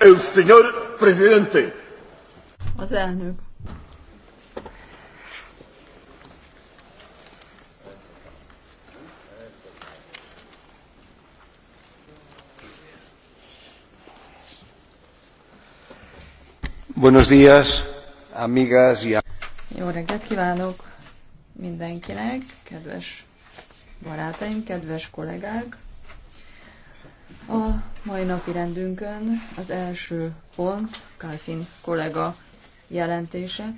El señor presidente. Az elnök. Buenos días, amigas y Jó reggelt kívánok mindenkinek, kedves barátaim, kedves kollégák. A Mai napi rendünkön az első pont, Kálfin kollega jelentése,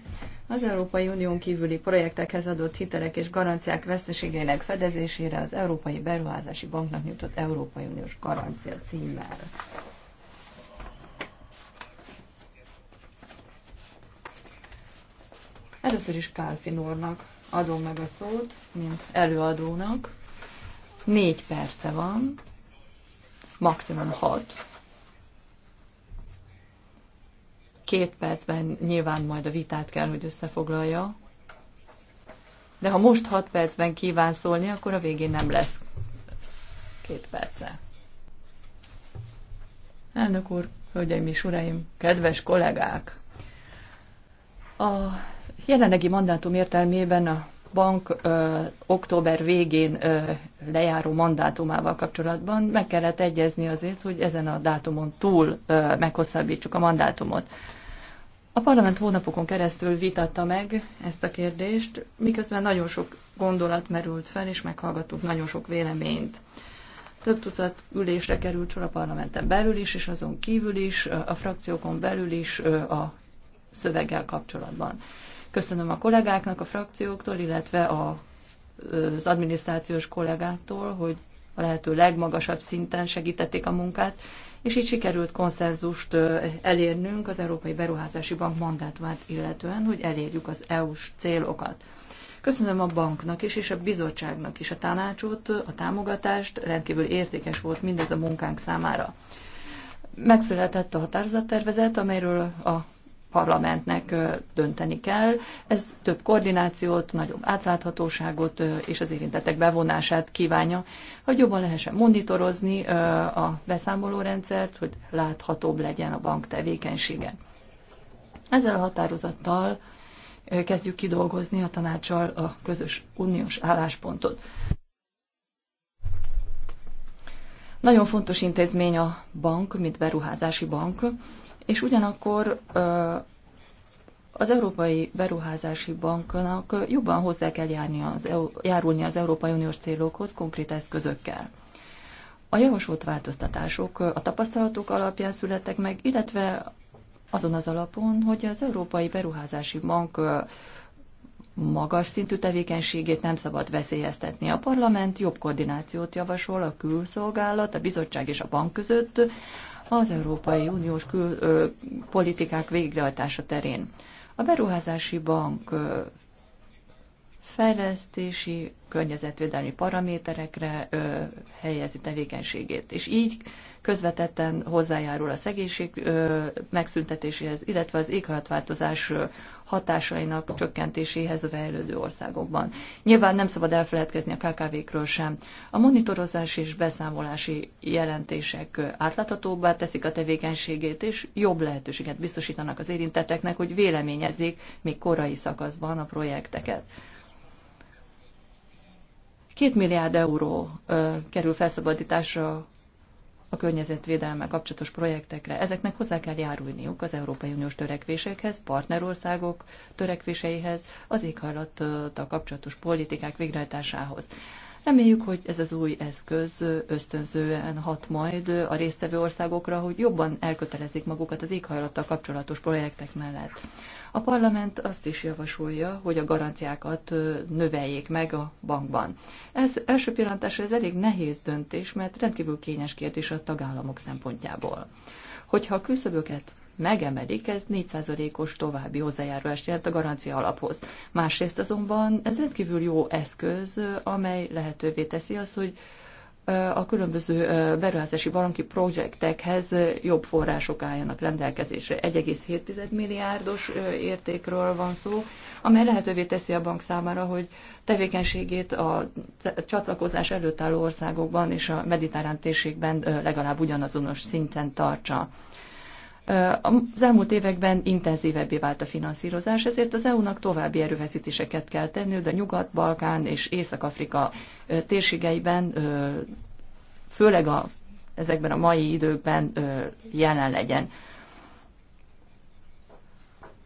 az Európai Unión kívüli projektekhez adott hitelek és garanciák veszteségének fedezésére az Európai Beruházási Banknak nyújtott Európai Uniós Garancia címmel. Először is Kálfin úrnak adom meg a szót, mint előadónak. Négy perce van, maximum 6. Két percben nyilván majd a vitát kell, hogy összefoglalja, de ha most 6 percben kíván szólni, akkor a végén nem lesz két perce. Elnök úr, hölgyeim és uraim, kedves kollégák! A jelenlegi mandátum értelmében a bank ö, október végén ö, lejáró mandátumával kapcsolatban meg kellett egyezni azért, hogy ezen a dátumon túl ö, meghosszabbítsuk a mandátumot. A parlament hónapokon keresztül vitatta meg ezt a kérdést, miközben nagyon sok gondolat merült fel, és meghallgattuk nagyon sok véleményt. Több tucat ülésre került sor a parlamenten belül is, és azon kívül is, a frakciókon belül is a szöveggel kapcsolatban. Köszönöm a kollégáknak, a frakcióktól, illetve a, az adminisztrációs kollégától, hogy a lehető legmagasabb szinten segítették a munkát, és így sikerült konszenzust elérnünk az Európai Beruházási Bank mandátumát illetően, hogy elérjük az EU-s célokat. Köszönöm a banknak is, és a bizottságnak is a tanácsot, a támogatást, rendkívül értékes volt mindez a munkánk számára. Megszületett a határozattervezet, amelyről a parlamentnek dönteni kell. Ez több koordinációt, nagyobb átláthatóságot és az érintettek bevonását kívánja, hogy jobban lehessen monitorozni a beszámolórendszert, hogy láthatóbb legyen a bank tevékenysége. Ezzel a határozattal kezdjük kidolgozni a tanácssal a közös uniós álláspontot. Nagyon fontos intézmény a bank, mint beruházási bank, és ugyanakkor az Európai Beruházási Banknak jobban hozzá kell járni az, járulni az Európai Uniós célokhoz konkrét eszközökkel. A javasolt változtatások a tapasztalatok alapján születtek meg, illetve azon az alapon, hogy az Európai Beruházási Bank magas szintű tevékenységét nem szabad veszélyeztetni. A parlament jobb koordinációt javasol a külszolgálat, a bizottság és a bank között az Európai Uniós kül, ö, politikák végrehajtása terén. A beruházási bank ö, fejlesztési, környezetvédelmi paraméterekre ö, helyezi tevékenységét, és így közvetetten hozzájárul a szegénység ö, megszüntetéséhez, illetve az éghajlatváltozás hatásainak csökkentéséhez a fejlődő országokban. Nyilván nem szabad elfeledkezni a KKV-kről sem. A monitorozás és beszámolási jelentések átláthatóbbá teszik a tevékenységét, és jobb lehetőséget biztosítanak az érintetteknek, hogy véleményezzék még korai szakaszban a projekteket. Két milliárd euró ö, kerül felszabadításra a környezetvédelme kapcsolatos projektekre. Ezeknek hozzá kell járulniuk az Európai Uniós törekvésekhez, partnerországok törekvéseihez, az éghajlattal kapcsolatos politikák végrehajtásához. Reméljük, hogy ez az új eszköz ösztönzően hat majd a résztvevő országokra, hogy jobban elkötelezik magukat az éghajlattal kapcsolatos projektek mellett. A parlament azt is javasolja, hogy a garanciákat növeljék meg a bankban. Ez első pillantásra ez elég nehéz döntés, mert rendkívül kényes kérdés a tagállamok szempontjából. Hogyha a küszöböket megemelik, ez 4%-os további hozzájárulást jelent a garancia alaphoz. Másrészt azonban ez rendkívül jó eszköz, amely lehetővé teszi azt, hogy a különböző beruházási valamki projektekhez jobb források álljanak rendelkezésre. 1,7 milliárdos értékről van szó, amely lehetővé teszi a bank számára, hogy tevékenységét a csatlakozás előtt álló országokban és a mediterrán térségben legalább ugyanazonos szinten tartsa. Az elmúlt években intenzívebbé vált a finanszírozás, ezért az EU-nak további erőfeszítéseket kell tenni, de Nyugat-Balkán és Észak-Afrika térségeiben, főleg a, ezekben a mai időkben jelen legyen.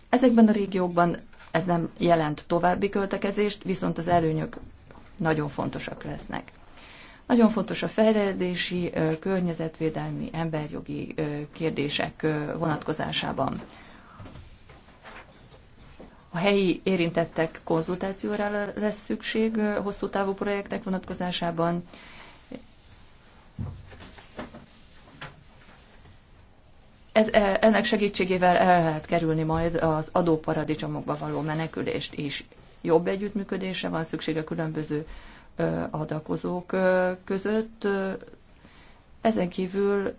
Ezekben a régiókban ez nem jelent további költekezést, viszont az előnyök nagyon fontosak lesznek. Nagyon fontos a fejlődési, környezetvédelmi, emberjogi kérdések vonatkozásában. A helyi érintettek konzultációra lesz szükség hosszú távú projektek vonatkozásában. Ez, e, ennek segítségével el lehet kerülni majd az adóparadicsomokba való menekülést is. Jobb együttműködésre van szükség a különböző adakozók között. Ezen kívül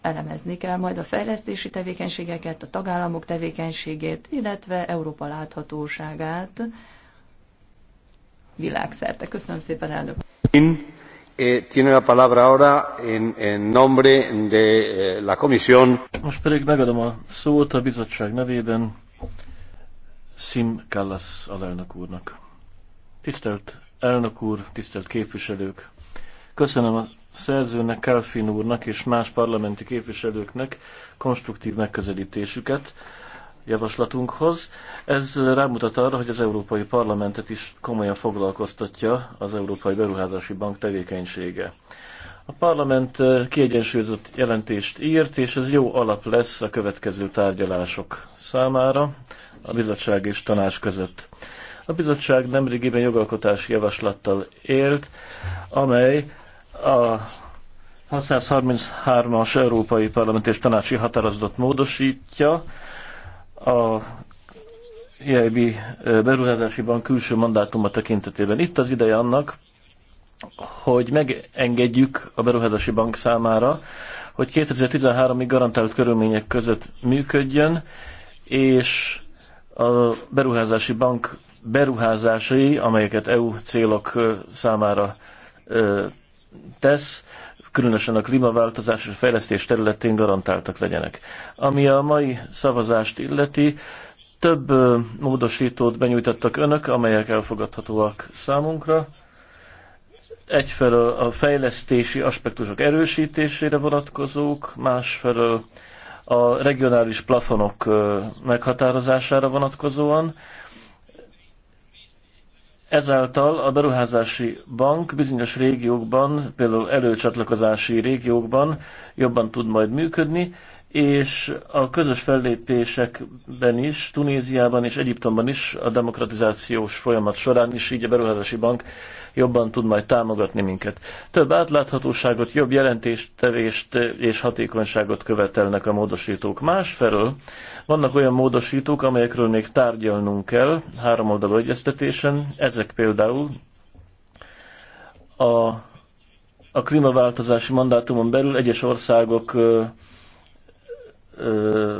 elemezni kell majd a fejlesztési tevékenységeket, a tagállamok tevékenységét, illetve Európa láthatóságát világszerte. Köszönöm szépen, elnök! Eh, tiene la palabra ahora en, nombre de eh, la comisión. Most pedig megadom a szót a bizottság nevében Sim Kallas alelnök úrnak. Tisztelt elnök úr, tisztelt képviselők! Köszönöm a szerzőnek, Kelfin úrnak és más parlamenti képviselőknek konstruktív megközelítésüket javaslatunkhoz. Ez rámutat arra, hogy az Európai Parlamentet is komolyan foglalkoztatja az Európai Beruházási Bank tevékenysége. A parlament eh, kiegyensúlyozott jelentést írt, és ez jó alap lesz a következő tárgyalások számára a bizottság és tanács között. A bizottság nemrégiben jogalkotási javaslattal élt, amely a 633-as Európai Parlament és Tanácsi határozatot módosítja, a EIB eh, beruházási bank külső mandátuma tekintetében. Itt az ideje annak, hogy megengedjük a beruházási bank számára, hogy 2013-ig garantált körülmények között működjön, és a beruházási bank beruházásai, amelyeket EU célok számára tesz, különösen a klímaváltozás és a fejlesztés területén garantáltak legyenek. Ami a mai szavazást illeti, több módosítót benyújtottak önök, amelyek elfogadhatóak számunkra. Egyfelől a fejlesztési aspektusok erősítésére vonatkozók, másfelől a regionális plafonok meghatározására vonatkozóan, Ezáltal a beruházási bank bizonyos régiókban, például előcsatlakozási régiókban jobban tud majd működni, és a közös fellépésekben is, Tunéziában és Egyiptomban is a demokratizációs folyamat során is így a beruházási bank jobban tud majd támogatni minket. Több átláthatóságot, jobb jelentéstevést és hatékonyságot követelnek a módosítók. Másfelől vannak olyan módosítók, amelyekről még tárgyalnunk kell három oldalú egyeztetésen. Ezek például a, a klímaváltozási mandátumon belül egyes országok ö, ö,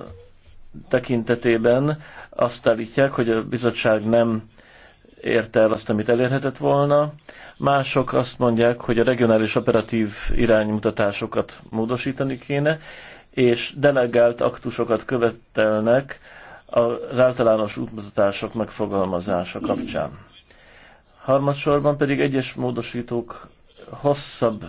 tekintetében azt állítják, hogy a bizottság nem érte el azt, amit elérhetett volna. Mások azt mondják, hogy a regionális operatív iránymutatásokat módosítani kéne, és delegált aktusokat követelnek az általános útmutatások megfogalmazása kapcsán. Harmadsorban pedig egyes módosítók hosszabb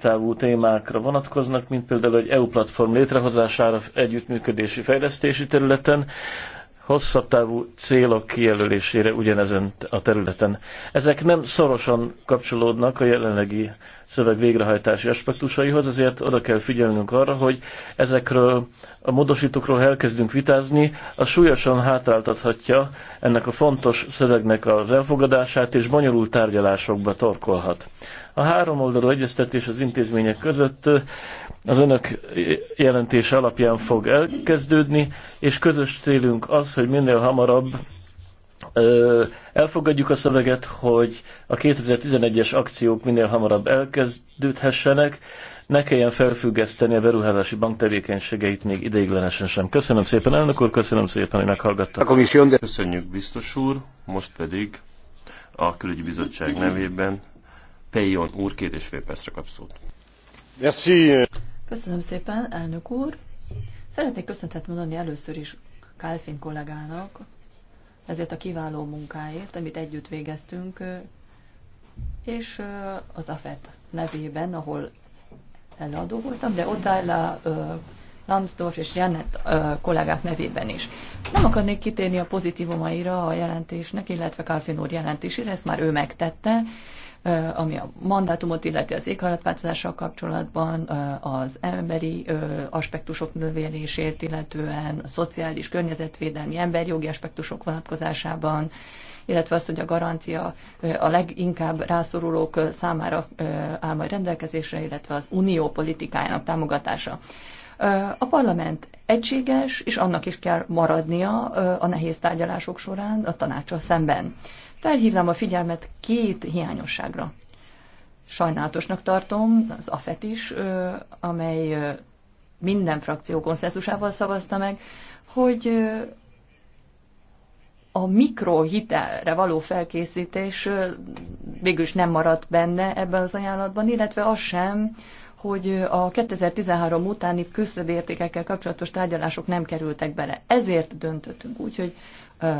távú témákra vonatkoznak, mint például egy EU platform létrehozására együttműködési fejlesztési területen, hosszabb távú célok kijelölésére ugyanezen a területen. Ezek nem szorosan kapcsolódnak a jelenlegi szöveg végrehajtási aspektusaihoz, ezért oda kell figyelnünk arra, hogy ezekről a módosítókról elkezdünk vitázni, a súlyosan hátráltathatja ennek a fontos szövegnek az elfogadását, és bonyolult tárgyalásokba torkolhat. A három oldalú egyeztetés az intézmények között az önök jelentése alapján fog elkezdődni, és közös célunk az, hogy minél hamarabb elfogadjuk a szöveget, hogy a 2011-es akciók minél hamarabb elkezdődhessenek, ne kelljen felfüggeszteni a beruházási bank tevékenységeit még ideiglenesen sem. Köszönöm szépen, elnök úr, köszönöm szépen, hogy meghallgattak. A komisszió, de... Köszönjük, biztos úr, most pedig a külügyi bizottság nevében Pejon úr, két és fél percre kap szót. Merci. Köszönöm szépen, elnök úr. Szeretnék köszöntet mondani először is Kálfin kollégának ezért a kiváló munkáért, amit együtt végeztünk, és az AFET nevében, ahol előadó voltam, de a Lambsdorff és Janet kollégák nevében is. Nem akarnék kitérni a pozitívumaira a jelentésnek, illetve Kálfin úr jelentésére, ezt már ő megtette, ami a mandátumot illeti az éghajlatváltozással kapcsolatban, az emberi aspektusok növelését illetően, a szociális, környezetvédelmi, emberjogi aspektusok vonatkozásában, illetve azt, hogy a garancia a leginkább rászorulók számára áll majd rendelkezésre, illetve az unió politikájának támogatása. A parlament egységes, és annak is kell maradnia a nehéz tárgyalások során a tanácsa szemben. Felhívnám a figyelmet két hiányosságra. Sajnálatosnak tartom, az AFET is, amely minden frakció konszenzusával szavazta meg, hogy a mikrohitelre való felkészítés végülis nem maradt benne ebben az ajánlatban, illetve az sem, hogy a 2013 utáni küszöbértékekkel kapcsolatos tárgyalások nem kerültek bele. Ezért döntöttünk úgy, hogy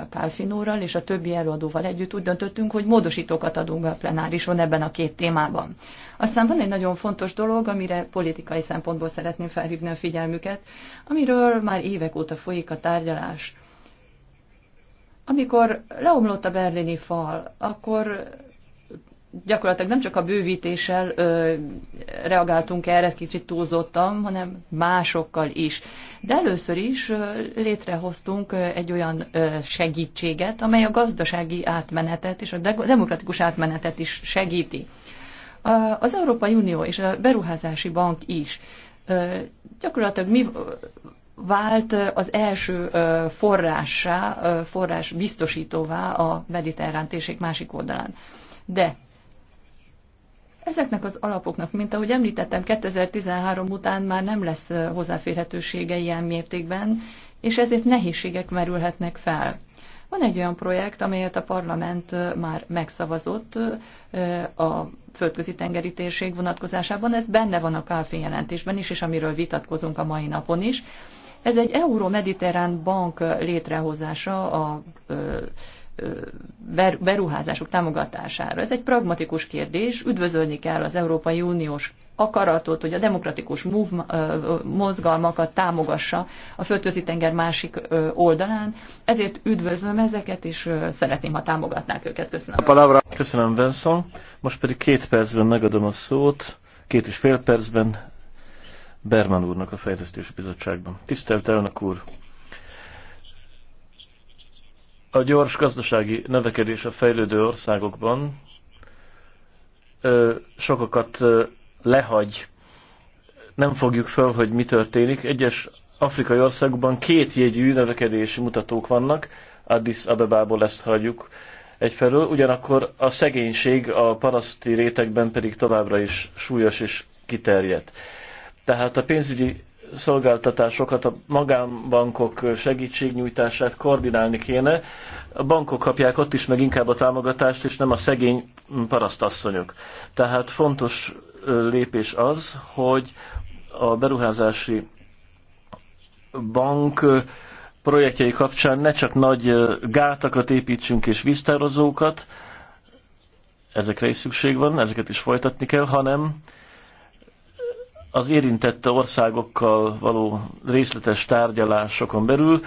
Kálfin és a többi előadóval együtt úgy döntöttünk, hogy módosítókat adunk be a plenárison ebben a két témában. Aztán van egy nagyon fontos dolog, amire politikai szempontból szeretném felhívni a figyelmüket, amiről már évek óta folyik a tárgyalás. Amikor leomlott a berlini fal, akkor gyakorlatilag nem csak a bővítéssel ö, reagáltunk erre kicsit túlzottam, hanem másokkal is. De először is ö, létrehoztunk ö, egy olyan ö, segítséget, amely a gazdasági átmenetet és a demokratikus átmenetet is segíti. Az Európai Unió és a Beruházási Bank is ö, gyakorlatilag mi vált az első forrássá, forrás biztosítóvá a mediterrán térség másik oldalán. De Ezeknek az alapoknak, mint ahogy említettem, 2013 után már nem lesz hozzáférhetősége ilyen mértékben, és ezért nehézségek merülhetnek fel. Van egy olyan projekt, amelyet a parlament már megszavazott a földközi tengeri térség vonatkozásában, ez benne van a KFI jelentésben is, és amiről vitatkozunk a mai napon is. Ez egy euró-mediterrán bank létrehozása a beruházások támogatására. Ez egy pragmatikus kérdés, üdvözölni kell az Európai Uniós akaratot, hogy a demokratikus move, mozgalmakat támogassa a földközi tenger másik oldalán. Ezért üdvözlöm ezeket, és szeretném, ha támogatnák őket. Köszönöm. Köszönöm, Benson. Most pedig két percben megadom a szót, két és fél percben Berman úrnak a Fejlesztési Bizottságban. Tisztelt elnök úr! a gyors gazdasági növekedés a fejlődő országokban sokakat lehagy. Nem fogjuk föl, hogy mi történik. Egyes afrikai országokban két jegyű növekedési mutatók vannak, Addis Abebából ezt hagyjuk egyfelől, ugyanakkor a szegénység a paraszti rétegben pedig továbbra is súlyos és kiterjedt. Tehát a pénzügyi szolgáltatásokat, a magánbankok segítségnyújtását koordinálni kéne. A bankok kapják ott is meg inkább a támogatást, és nem a szegény parasztasszonyok. Tehát fontos lépés az, hogy a beruházási bank projektjei kapcsán ne csak nagy gátakat építsünk és víztározókat, ezekre is szükség van, ezeket is folytatni kell, hanem az érintette országokkal való részletes tárgyalásokon belül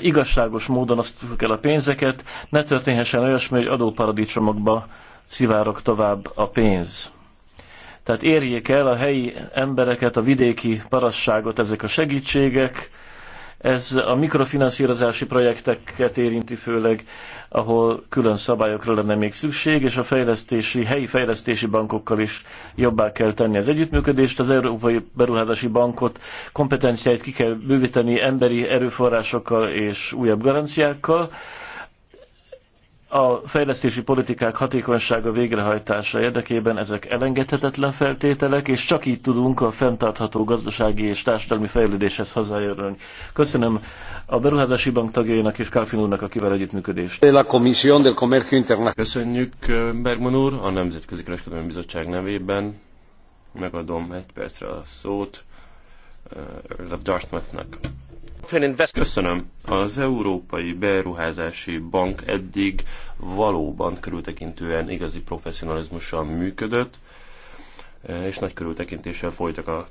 igazságos módon tudjuk el a pénzeket, ne történhessen olyasmi, hogy adóparadicsomokba szivárok tovább a pénz. Tehát érjék el a helyi embereket, a vidéki parasságot ezek a segítségek, ez a mikrofinanszírozási projekteket érinti főleg, ahol külön szabályokra lenne még szükség, és a fejlesztési, helyi fejlesztési bankokkal is jobbá kell tenni az együttműködést. Az Európai Beruházási Bankot kompetenciáit ki kell bővíteni emberi erőforrásokkal és újabb garanciákkal a fejlesztési politikák hatékonysága végrehajtása érdekében ezek elengedhetetlen feltételek, és csak így tudunk a fenntartható gazdasági és társadalmi fejlődéshez hozzájárulni. Köszönöm a Beruházási Bank tagjainak és Kálfin úrnak a kivel együttműködést. Köszönjük Bergman úr a Nemzetközi Kereskedelmi Bizottság nevében. Megadom egy percre a szót uh, Dartmouthnak. Köszönöm. Az Európai Beruházási Bank eddig valóban körültekintően igazi professzionalizmussal működött, és nagy körültekintéssel folytak a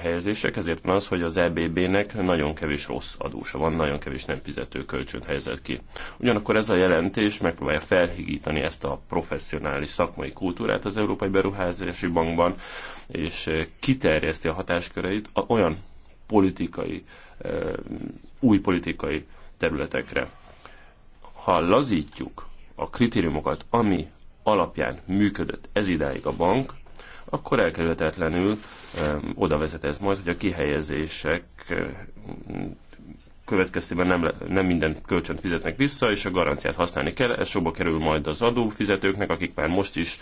helyezések, ezért van az, hogy az EBB-nek nagyon kevés rossz adósa van, nagyon kevés nem fizető kölcsönt helyezett ki. Ugyanakkor ez a jelentés megpróbálja felhigítani ezt a professzionális szakmai kultúrát az Európai Beruházási Bankban, és kiterjeszti a hatásköreit olyan politikai új politikai területekre. Ha lazítjuk a kritériumokat, ami alapján működött ez idáig a bank, akkor elkerülhetetlenül oda vezet ez majd, hogy a kihelyezések következtében nem, nem minden kölcsönt fizetnek vissza, és a garanciát használni kell. Ez sokba kerül majd az adófizetőknek, akik már most is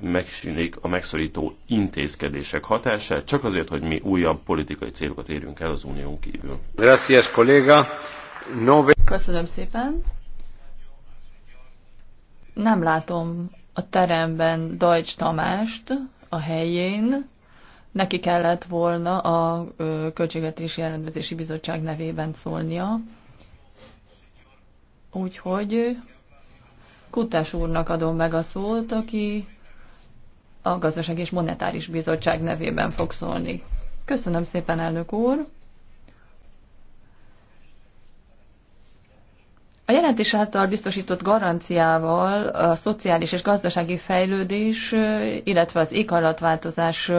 megsinik a megszorító intézkedések hatását, csak azért, hogy mi újabb politikai célokat érjünk el az unión kívül. Gracias, kolléga. Nove... Köszönöm szépen. Nem látom a teremben Deutsch Tamást a helyén. Neki kellett volna a Költségvetési Ellenőrzési Bizottság nevében szólnia. Úgyhogy Kutás úrnak adom meg a szót, aki a Gazdaság és Monetáris Bizottság nevében fog szólni. Köszönöm szépen, elnök úr! A jelentés által biztosított garanciával a szociális és gazdasági fejlődés, illetve az éghajlatváltozás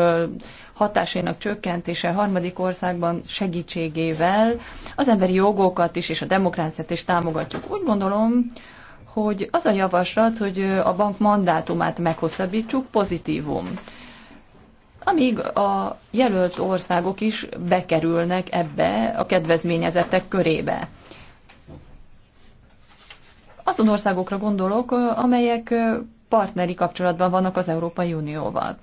hatásainak csökkentése harmadik országban segítségével az emberi jogokat is és a demokráciát is támogatjuk. Úgy gondolom, hogy az a javaslat, hogy a bank mandátumát meghosszabbítsuk, pozitívum. Amíg a jelölt országok is bekerülnek ebbe a kedvezményezettek körébe. Azon országokra gondolok, amelyek partneri kapcsolatban vannak az Európai Unióval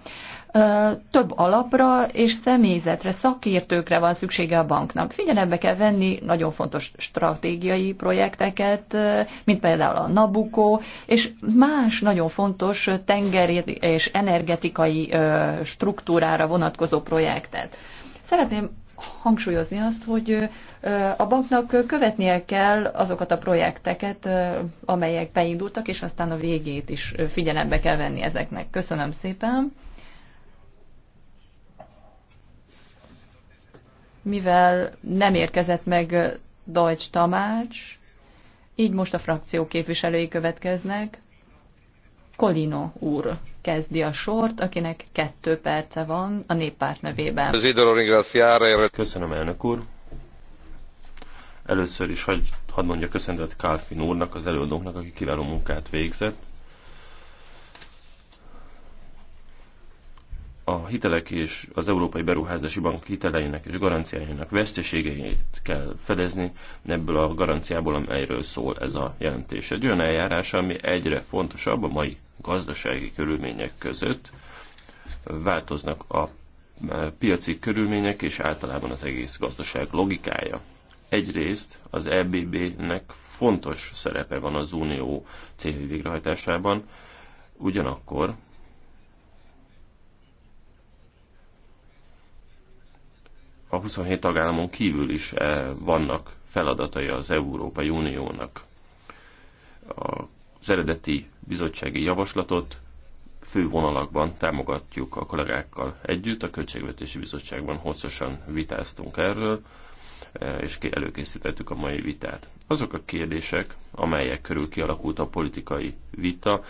több alapra és személyzetre, szakértőkre van szüksége a banknak. Figyelembe kell venni nagyon fontos stratégiai projekteket, mint például a Nabucco, és más nagyon fontos tengeri és energetikai struktúrára vonatkozó projektet. Szeretném hangsúlyozni azt, hogy a banknak követnie kell azokat a projekteket, amelyek beindultak, és aztán a végét is figyelembe kell venni ezeknek. Köszönöm szépen! mivel nem érkezett meg Deutsch Tamács, így most a frakció képviselői következnek. Kolino úr kezdi a sort, akinek kettő perce van a néppárt nevében. Köszönöm, elnök úr. Először is hagy, hadd mondja köszönetet Kálfin úrnak, az előadónknak, aki kiváló munkát végzett a hitelek és az Európai Beruházási Bank hiteleinek és garanciáinak veszteségeit kell fedezni ebből a garanciából, amelyről szól ez a jelentés. Egy olyan eljárás, ami egyre fontosabb a mai gazdasági körülmények között. Változnak a e, piaci körülmények és általában az egész gazdaság logikája. Egyrészt az EBB-nek fontos szerepe van az unió célvi végrehajtásában, ugyanakkor a 27 tagállamon kívül is eh, vannak feladatai az Európai Uniónak. Az eredeti bizottsági javaslatot fő vonalakban támogatjuk a kollégákkal együtt, a Költségvetési Bizottságban hosszasan vitáztunk erről, eh, és előkészítettük a mai vitát. Azok a kérdések, amelyek körül kialakult a politikai vita,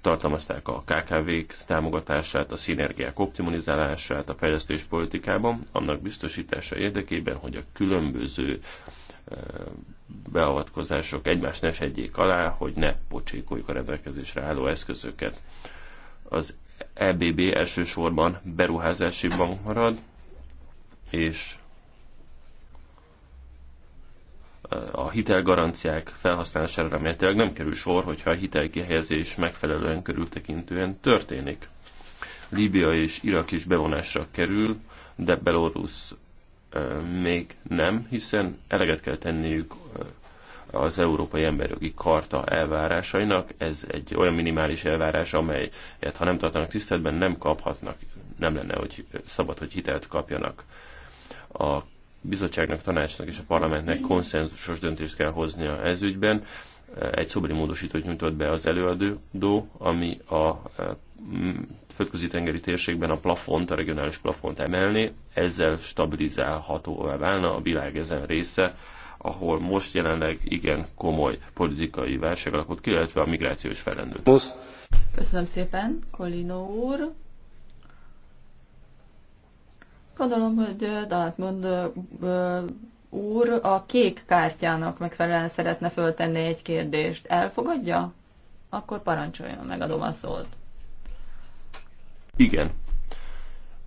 tartalmazták a KKV-k támogatását, a szinergiák optimalizálását a fejlesztéspolitikában, annak biztosítása érdekében, hogy a különböző beavatkozások egymást ne fedjék alá, hogy ne pocsékoljuk a rendelkezésre álló eszközöket. Az EBB elsősorban beruházási bank marad, és a hitelgaranciák felhasználására remélhetőleg nem kerül sor, hogyha a hitelkihelyezés megfelelően körültekintően történik. Líbia és Irak is bevonásra kerül, de Belarus még nem, hiszen eleget kell tenniük az Európai Emberjogi Karta elvárásainak. Ez egy olyan minimális elvárás, amelyet ha nem tartanak tiszteletben, nem kaphatnak, nem lenne hogy szabad, hogy hitelt kapjanak. A bizottságnak, tanácsnak és a parlamentnek konszenzusos döntést kell hoznia ez ügyben. Egy szobori módosítót nyújtott be az előadó, ami a e, földközi tengeri térségben a plafont, a regionális plafont emelni, ezzel stabilizálhatóvá válna a világ ezen része, ahol most jelenleg igen komoly politikai válság alakult ki, illetve a migrációs felrendőt. Köszönöm szépen, Kolino úr. Gondolom, hogy Dátmond úr a kék kártyának megfelelően szeretne föltenni egy kérdést. Elfogadja? Akkor parancsoljon, megadom a szót. Igen.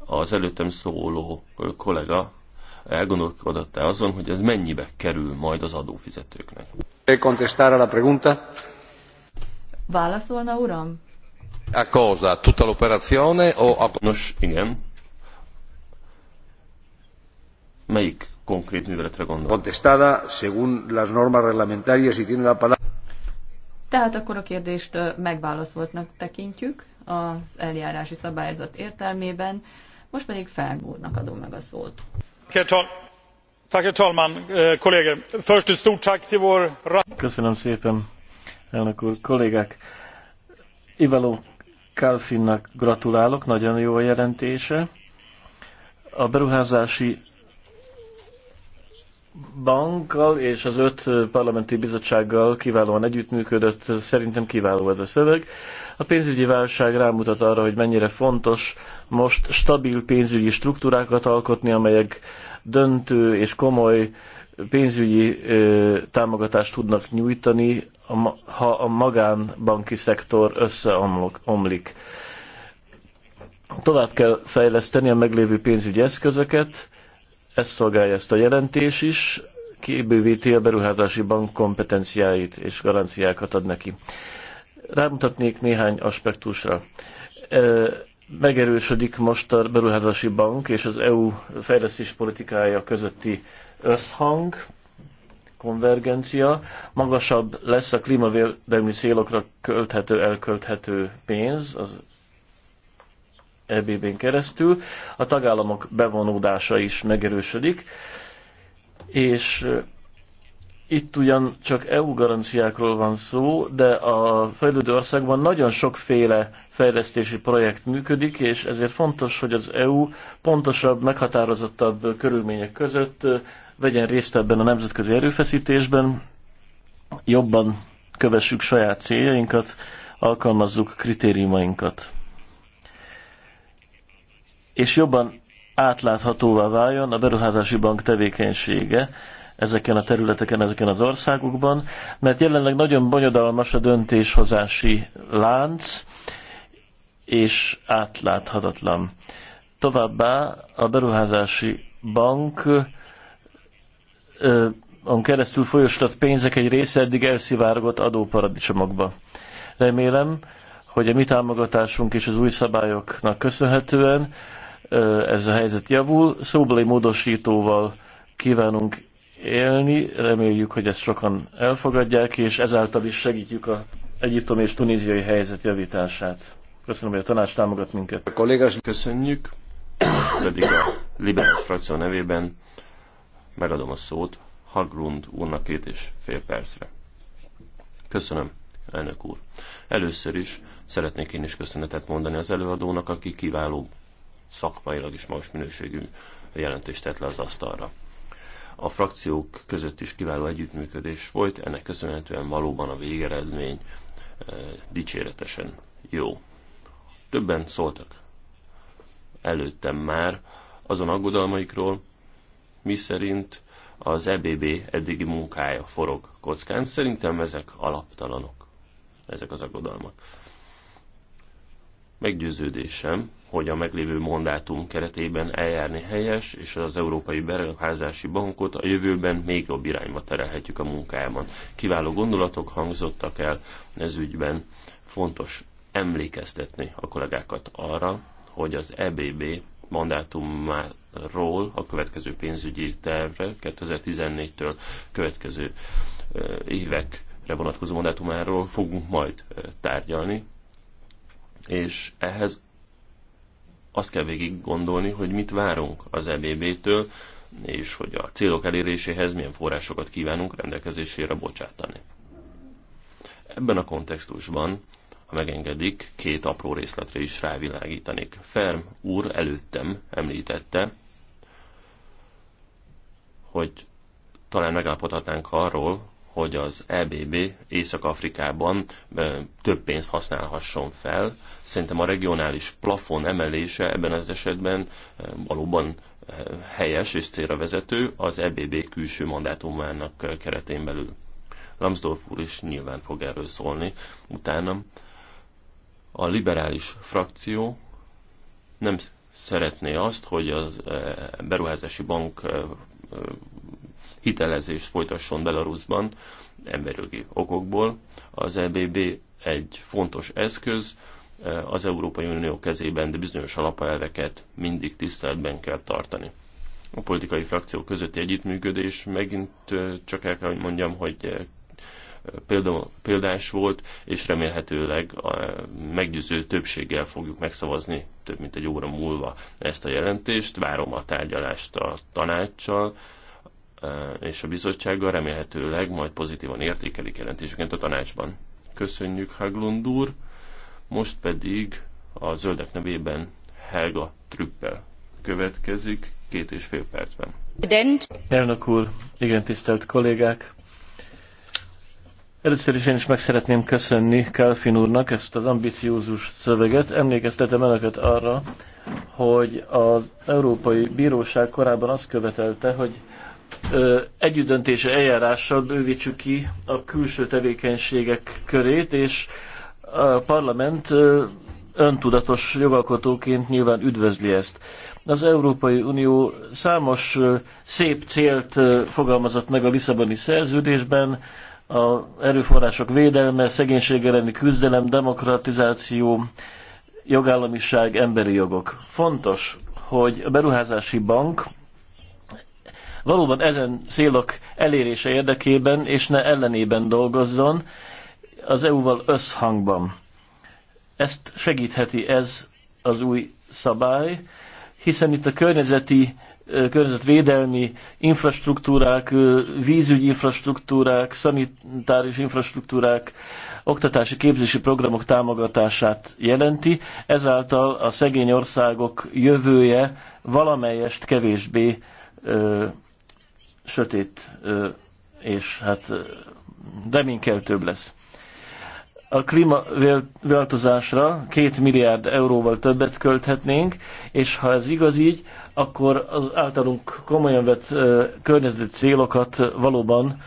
Az előttem szóló kollega elgondolkodott-e azon, hogy ez mennyibe kerül majd az adófizetőknek? Contestára la pregunta? Válaszolna, uram? A cosa? Tutta l'operazione o a... Nos, igen Melyik konkrét műveletre gondol? Contestada según las normas reglamentarias y tiene la palabra. Tehát akkor a kérdést megválaszoltnak tekintjük az eljárási szabályzat értelmében. Most pedig Felmúrnak adom meg a szót. Köszönöm szépen, elnök úr, kollégák. Ivalo Kalfinnak gratulálok, nagyon jó a jelentése. A beruházási bankkal és az öt parlamenti bizottsággal kiválóan együttműködött, szerintem kiváló ez a szöveg. A pénzügyi válság rámutat arra, hogy mennyire fontos most stabil pénzügyi struktúrákat alkotni, amelyek döntő és komoly pénzügyi ö, támogatást tudnak nyújtani, ha a magánbanki szektor összeomlik. Tovább kell fejleszteni a meglévő pénzügyi eszközöket, ezt szolgálja ezt a jelentés is, kibővíti a beruházási bank kompetenciáit és garanciákat ad neki. Rámutatnék néhány aspektusra. Megerősödik most a beruházási bank és az EU fejlesztés politikája közötti összhang, konvergencia, magasabb lesz a klímavédelmi célokra költhető, elkölthető pénz az EBB-n keresztül, a tagállamok bevonódása is megerősödik, és itt ugyan csak EU garanciákról van szó, de a fejlődő országban nagyon sokféle fejlesztési projekt működik, és ezért fontos, hogy az EU pontosabb, meghatározottabb körülmények között vegyen részt ebben a nemzetközi erőfeszítésben, jobban kövessük saját céljainkat, alkalmazzuk kritériumainkat és jobban átláthatóvá váljon a beruházási bank tevékenysége ezeken a területeken, ezeken az országokban, mert jelenleg nagyon bonyodalmas a döntéshozási lánc, és átláthatatlan. Továbbá a beruházási bank on keresztül folyosított pénzek egy része eddig elszivárgott adóparadicsomokba. Remélem, hogy a mi támogatásunk és az új szabályoknak köszönhetően ez a helyzet javul. Szóbeli módosítóval kívánunk élni, reméljük, hogy ezt sokan elfogadják, és ezáltal is segítjük a egyiptom és tunéziai helyzet javítását. Köszönöm, hogy a tanács támogat minket. A kollégás, köszönjük. Most pedig a liberális frakció nevében megadom a szót Hagrund úrnak két és fél percre. Köszönöm, elnök úr. Először is szeretnék én is köszönetet mondani az előadónak, aki kiváló szakmailag is magas minőségű jelentést tett le az asztalra. A frakciók között is kiváló együttműködés volt, ennek köszönhetően valóban a végeredmény e, dicséretesen jó. Többen szóltak előttem már azon aggodalmaikról, mi szerint az EBB eddigi munkája forog kockán. Szerintem ezek alaptalanok, ezek az aggodalmak. Meggyőződésem, hogy a meglévő mandátum keretében eljárni helyes, és az Európai Beruházási Bankot a jövőben még jobb irányba terelhetjük a munkájában. Kiváló gondolatok hangzottak el ez ügyben. Fontos emlékeztetni a kollégákat arra, hogy az EBB mandátumáról a következő pénzügyi tervre, 2014-től következő évekre vonatkozó mandátumáról fogunk majd tárgyalni, és ehhez azt kell végig gondolni, hogy mit várunk az EBB-től, és hogy a célok eléréséhez milyen forrásokat kívánunk rendelkezésére bocsátani. Ebben a kontextusban, ha megengedik, két apró részletre is rávilágítanék. Ferm úr előttem említette, hogy talán megállapodhatnánk arról, hogy az EBB Észak-Afrikában több pénzt használhasson fel. Szerintem a regionális plafon emelése ebben az esetben valóban helyes és célra vezető az EBB külső mandátumának keretén belül. Lambsdorff úr is nyilván fog erről szólni utána. A liberális frakció nem szeretné azt, hogy az beruházási bank hitelezést folytasson Belarusban emberjogi okokból. Az EBB egy fontos eszköz, eh, az Európai Unió kezében, de bizonyos alapelveket mindig tiszteletben kell tartani. A politikai frakciók közötti együttműködés megint eh, csak el kell, hogy mondjam, hogy eh, példás volt, és remélhetőleg a meggyőző többséggel fogjuk megszavazni több mint egy óra múlva ezt a jelentést. Várom a tárgyalást a tanácssal, Eh, és a bizottsággal remélhetőleg majd pozitívan értékelik jelentésüket a tanácsban. Köszönjük Haglund úr, most pedig a zöldek nevében Helga Trüppel következik két és fél percben. Elnök úr, igen tisztelt kollégák! Először is én is meg szeretném köszönni Kelfin úrnak ezt az ambiciózus szöveget. Emlékeztetem önöket arra, hogy az Európai Bíróság korábban azt követelte, hogy együttdöntése eljárással bővítsük ki a külső tevékenységek körét, és a parlament öntudatos jogalkotóként nyilván üdvözli ezt. Az Európai Unió számos szép célt fogalmazott meg a Lisszaboni szerződésben, a erőforrások védelme, szegénység elleni küzdelem, demokratizáció, jogállamiság, emberi jogok. Fontos, hogy a beruházási bank valóban ezen célok elérése érdekében és ne ellenében dolgozzon az EU-val összhangban. Ezt segítheti ez az új szabály, hiszen itt a környezeti környezetvédelmi infrastruktúrák, vízügyi infrastruktúrák, szanitáris infrastruktúrák, oktatási képzési programok támogatását jelenti, ezáltal a szegény országok jövője valamelyest kevésbé ö, sötét és hát de több lesz. A klímaváltozásra két milliárd euróval többet költhetnénk, és ha ez igaz így, akkor az általunk komolyan vett környezeti célokat valóban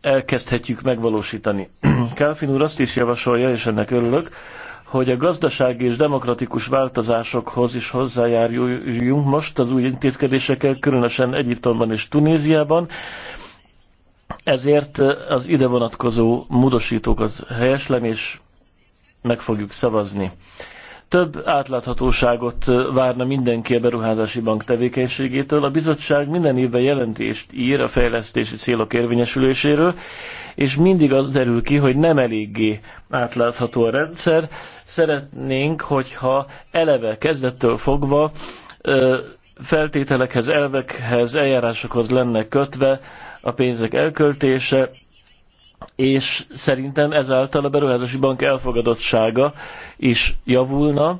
elkezdhetjük megvalósítani. Kálfin úr azt is javasolja, és ennek örülök, hogy a gazdasági és demokratikus változásokhoz is hozzájáruljunk most az új intézkedésekkel, különösen Egyiptomban és Tunéziában. Ezért az ide vonatkozó az helyeslem, és meg fogjuk szavazni. Több átláthatóságot várna mindenki a beruházási bank tevékenységétől. A bizottság minden évben jelentést ír a fejlesztési célok érvényesüléséről, és mindig az derül ki, hogy nem eléggé átlátható a rendszer. Szeretnénk, hogyha eleve kezdettől fogva feltételekhez, elvekhez, eljárásokhoz lenne kötve a pénzek elköltése, és szerintem ezáltal a beruházási bank elfogadottsága is javulna,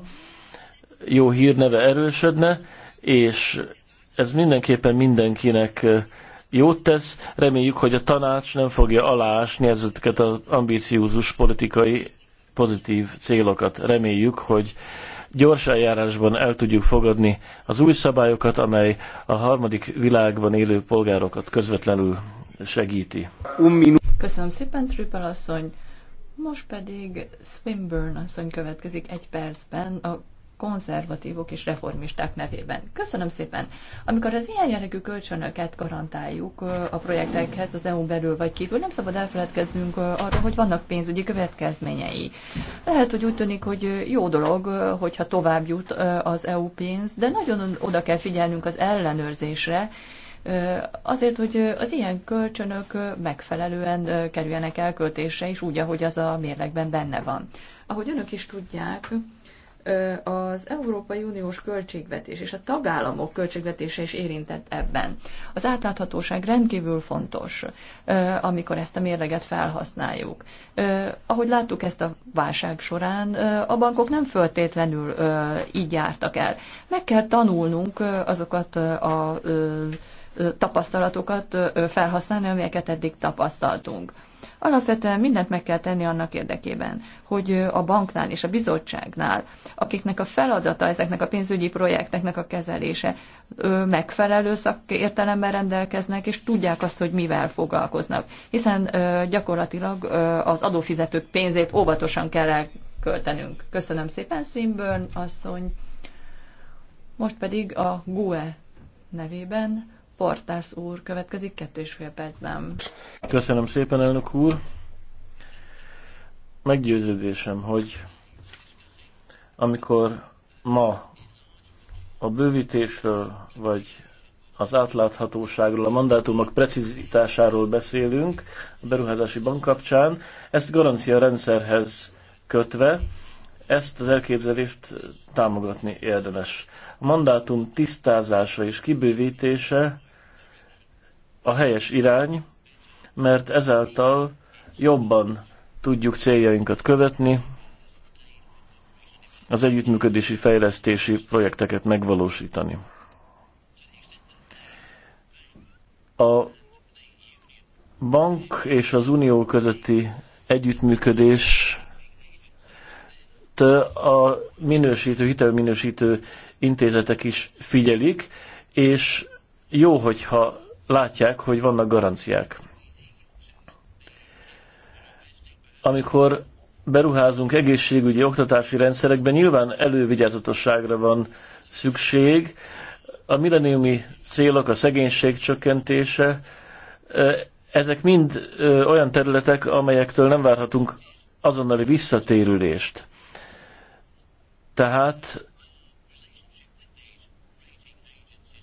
jó hírneve erősödne, és ez mindenképpen mindenkinek jót tesz. Reméljük, hogy a tanács nem fogja alásni ezeket az ambíciózus politikai pozitív célokat. Reméljük, hogy gyors eljárásban el tudjuk fogadni az új szabályokat, amely a harmadik világban élő polgárokat közvetlenül segíti. Köszönöm szépen, Trüppel asszony. Most pedig Swinburne asszony következik egy percben a konzervatívok és reformisták nevében. Köszönöm szépen! Amikor az ilyen jellegű kölcsönöket garantáljuk a projektekhez az EU belül vagy kívül, nem szabad elfeledkeznünk arra, hogy vannak pénzügyi következményei. Lehet, hogy úgy tűnik, hogy jó dolog, hogyha tovább jut az EU pénz, de nagyon oda kell figyelnünk az ellenőrzésre, azért, hogy az ilyen kölcsönök megfelelően kerüljenek elköltésre, és úgy, ahogy az a mérlegben benne van. Ahogy önök is tudják, az Európai Uniós költségvetés és a tagállamok költségvetése is érintett ebben. Az átláthatóság rendkívül fontos, amikor ezt a mérleget felhasználjuk. Ahogy láttuk ezt a válság során, a bankok nem föltétlenül így jártak el. Meg kell tanulnunk azokat a tapasztalatokat felhasználni, amelyeket eddig tapasztaltunk Alapvetően mindent meg kell tenni annak érdekében, hogy a banknál és a bizottságnál, akiknek a feladata ezeknek a pénzügyi projekteknek a kezelése, megfelelő szakértelemben rendelkeznek, és tudják azt, hogy mivel foglalkoznak. Hiszen gyakorlatilag az adófizetők pénzét óvatosan kell elköltenünk. Köszönöm szépen, Swinburne asszony. Most pedig a GUE nevében Portász úr következik kettő és fél percben. Köszönöm szépen, elnök úr. Meggyőződésem, hogy amikor ma a bővítésről, vagy az átláthatóságról, a mandátumok precizitásáról beszélünk a beruházási bank kapcsán, ezt garancia rendszerhez kötve, ezt az elképzelést támogatni érdemes. A mandátum tisztázása és kibővítése a helyes irány, mert ezáltal jobban tudjuk céljainkat követni, az együttműködési fejlesztési projekteket megvalósítani. A bank és az unió közötti együttműködés a minősítő, hitelminősítő intézetek is figyelik, és jó, hogyha látják, hogy vannak garanciák. Amikor beruházunk egészségügyi, oktatási rendszerekben, nyilván elővigyázatosságra van szükség. A milleniumi célok, a szegénység csökkentése, ezek mind olyan területek, amelyektől nem várhatunk azonnali visszatérülést. Tehát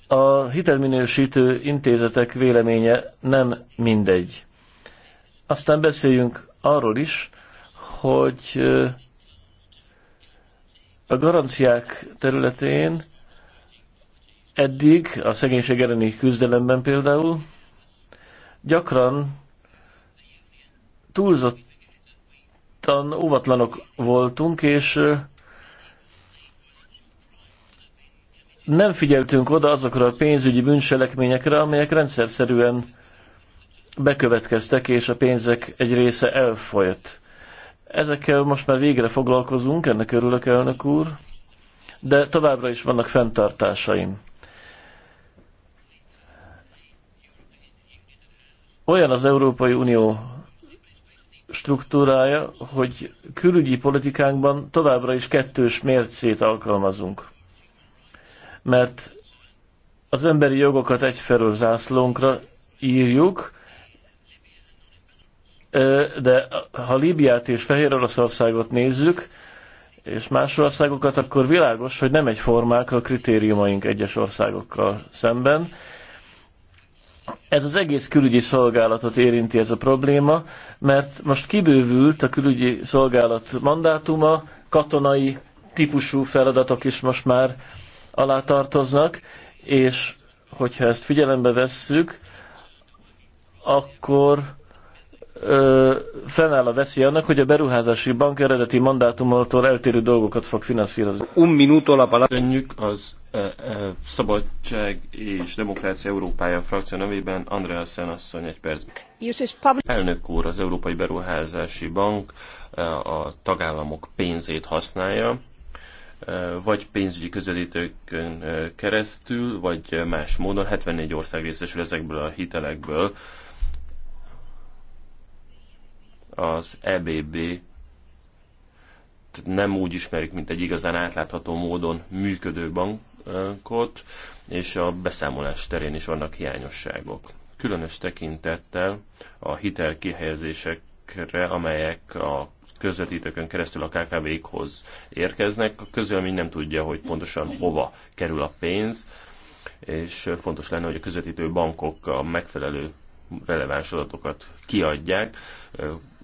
a hitelminősítő intézetek véleménye nem mindegy. Aztán beszéljünk arról is, hogy a garanciák területén eddig, a szegénység elleni küzdelemben például, gyakran túlzottan óvatlanok voltunk, és nem figyeltünk oda azokra a pénzügyi bűncselekményekre, amelyek szerűen bekövetkeztek, és a pénzek egy része elfolyt. Ezekkel most már végre foglalkozunk, ennek örülök, elnök úr, de továbbra is vannak fenntartásaim. Olyan az Európai Unió struktúrája, hogy külügyi politikánkban továbbra is kettős mércét alkalmazunk mert az emberi jogokat egyfelől zászlónkra írjuk, de ha Líbiát és Fehér Oroszországot nézzük, és más országokat, akkor világos, hogy nem egyformák a kritériumaink egyes országokkal szemben. Ez az egész külügyi szolgálatot érinti ez a probléma, mert most kibővült a külügyi szolgálat mandátuma, katonai típusú feladatok is most már alá tartoznak, és hogyha ezt figyelembe vesszük, akkor ö, fennáll a veszély annak, hogy a beruházási bank eredeti mandátumoltól eltérő dolgokat fog finanszírozni. Un minuto la palabra. az e, e, Szabadság és Demokrácia Európája frakció nevében Andrea Szenasszony egy percben. Elnök úr, az Európai Beruházási Bank a tagállamok pénzét használja, vagy pénzügyi közelítőkön keresztül, vagy más módon 74 ország részesül ezekből a hitelekből. Az EBB nem úgy ismerik, mint egy igazán átlátható módon működő bankot, és a beszámolás terén is vannak hiányosságok. Különös tekintettel a hitelkihelyezésekre, amelyek a közvetítőkön keresztül a KKV-khoz érkeznek. A közvélemény nem tudja, hogy pontosan hova kerül a pénz, és fontos lenne, hogy a közvetítő bankok a megfelelő releváns adatokat kiadják,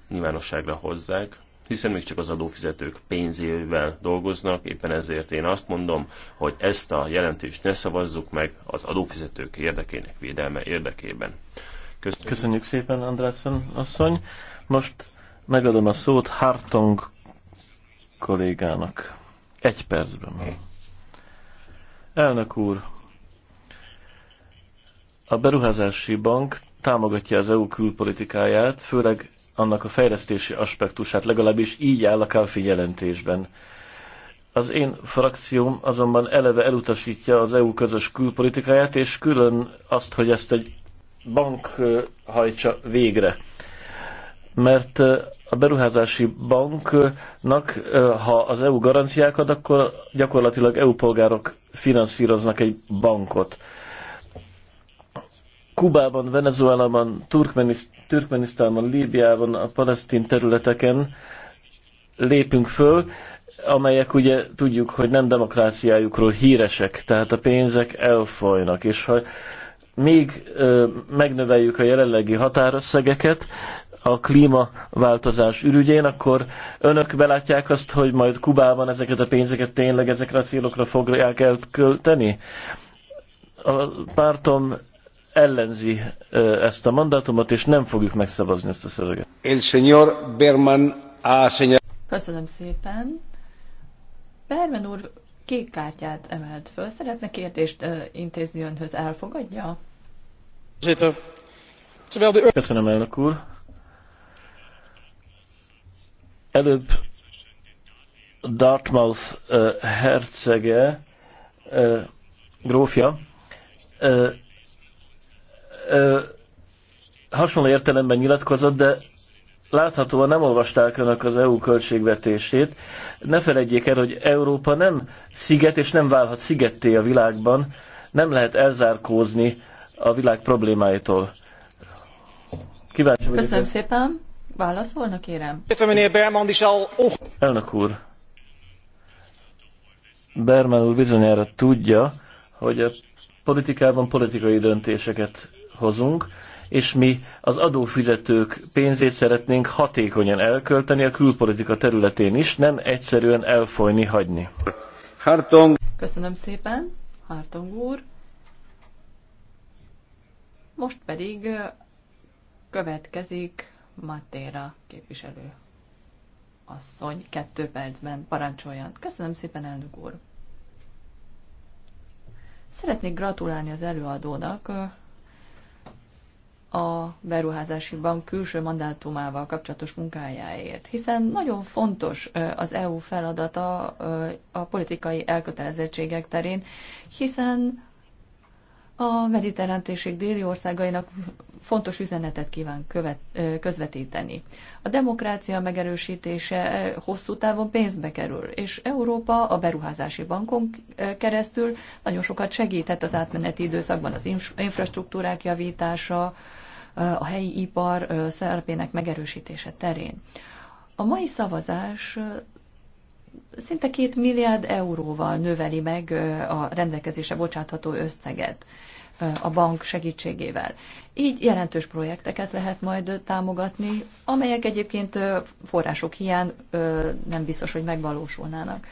nyilvánosságra hozzák, hiszen még csak az adófizetők pénzével dolgoznak, éppen ezért én azt mondom, hogy ezt a jelentést ne szavazzuk meg az adófizetők érdekének védelme érdekében. Köszönjük, Köszönjük szépen, Andrásson asszony. Most Megadom a szót Hartong kollégának. Egy percben. Elnök úr, a beruházási bank támogatja az EU külpolitikáját, főleg annak a fejlesztési aspektusát, legalábbis így áll a Kalfi jelentésben. Az én frakcióm azonban eleve elutasítja az EU közös külpolitikáját, és külön azt, hogy ezt egy bank hajtsa végre mert a beruházási banknak, ha az EU garanciák ad, akkor gyakorlatilag EU polgárok finanszíroznak egy bankot. Kubában, Venezuelában, Türkmenisztánban, Líbiában, a palesztin területeken lépünk föl, amelyek ugye tudjuk, hogy nem demokráciájukról híresek, tehát a pénzek elfolynak, és ha még ö, megnöveljük a jelenlegi határösszegeket, a klímaváltozás ürügyén, akkor önök belátják azt, hogy majd Kubában ezeket a pénzeket tényleg ezekre a célokra fogják elkölteni? A pártom ellenzi ezt a mandátumot, és nem fogjuk megszavazni ezt a szöveget. El señor Berman a señor... Köszönöm szépen. Berman úr kék kártyát emelt föl. Szeretne kérdést intézni önhöz, elfogadja? Köszönöm, elnök úr. Előbb Dartmouth hercege, grófja, hasonló értelemben nyilatkozott, de láthatóan nem olvasták önök az EU költségvetését. Ne felejtjék el, hogy Európa nem sziget, és nem válhat szigetté a világban. Nem lehet elzárkózni a világ problémáitól. Kíváncsi vagyok. Köszönöm szépen. Válaszolna kérem. Elnök úr, Berman úr bizonyára tudja, hogy a politikában politikai döntéseket hozunk, és mi az adófizetők pénzét szeretnénk hatékonyan elkölteni a külpolitika területén is, nem egyszerűen elfolyni hagyni. Hartong. Köszönöm szépen, Hartong úr. Most pedig következik Matéra képviselő asszony kettő percben parancsoljon. Köszönöm szépen, elnök úr! Szeretnék gratulálni az előadónak a beruházási bank külső mandátumával kapcsolatos munkájáért, hiszen nagyon fontos az EU feladata a politikai elkötelezettségek terén, hiszen a mediterrán térség déli országainak fontos üzenetet kíván követ, közvetíteni. A demokrácia megerősítése hosszú távon pénzbe kerül, és Európa a beruházási bankon keresztül nagyon sokat segített az átmeneti időszakban az infrastruktúrák javítása, a helyi ipar szerepének megerősítése terén. A mai szavazás szinte két milliárd euróval növeli meg a rendelkezésre bocsátható összeget a bank segítségével. Így jelentős projekteket lehet majd támogatni, amelyek egyébként források hiány nem biztos, hogy megvalósulnának.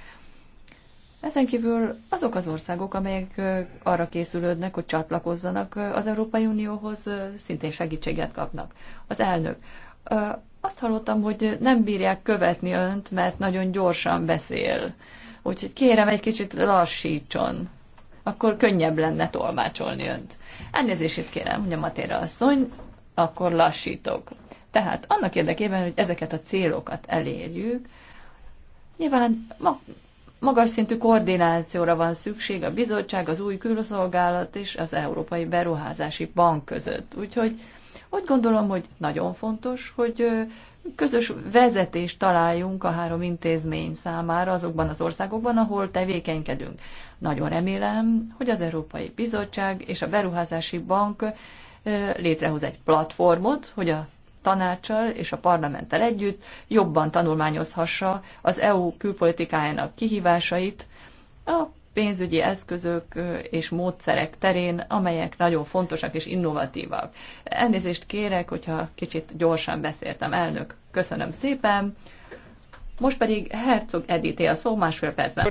Ezen kívül azok az országok, amelyek arra készülődnek, hogy csatlakozzanak az Európai Unióhoz, szintén segítséget kapnak. Az elnök. Azt hallottam, hogy nem bírják követni önt, mert nagyon gyorsan beszél. Úgyhogy kérem, egy kicsit lassítson akkor könnyebb lenne tolmácsolni önt. Elnézését kérem, hogy a Matéra asszony, akkor lassítok. Tehát annak érdekében, hogy ezeket a célokat elérjük, nyilván ma, magas szintű koordinációra van szükség a bizottság, az új külszolgálat és az Európai Beruházási Bank között. Úgyhogy úgy gondolom, hogy nagyon fontos, hogy közös vezetést találjunk a három intézmény számára azokban az országokban, ahol tevékenykedünk. Nagyon remélem, hogy az Európai Bizottság és a Beruházási Bank létrehoz egy platformot, hogy a tanácssal és a parlamenttel együtt jobban tanulmányozhassa az EU külpolitikájának kihívásait a pénzügyi eszközök és módszerek terén, amelyek nagyon fontosak és innovatívak. Elnézést kérek, hogyha kicsit gyorsan beszéltem, elnök. Köszönöm szépen. Most pedig Herzog Edité a szó másfél percben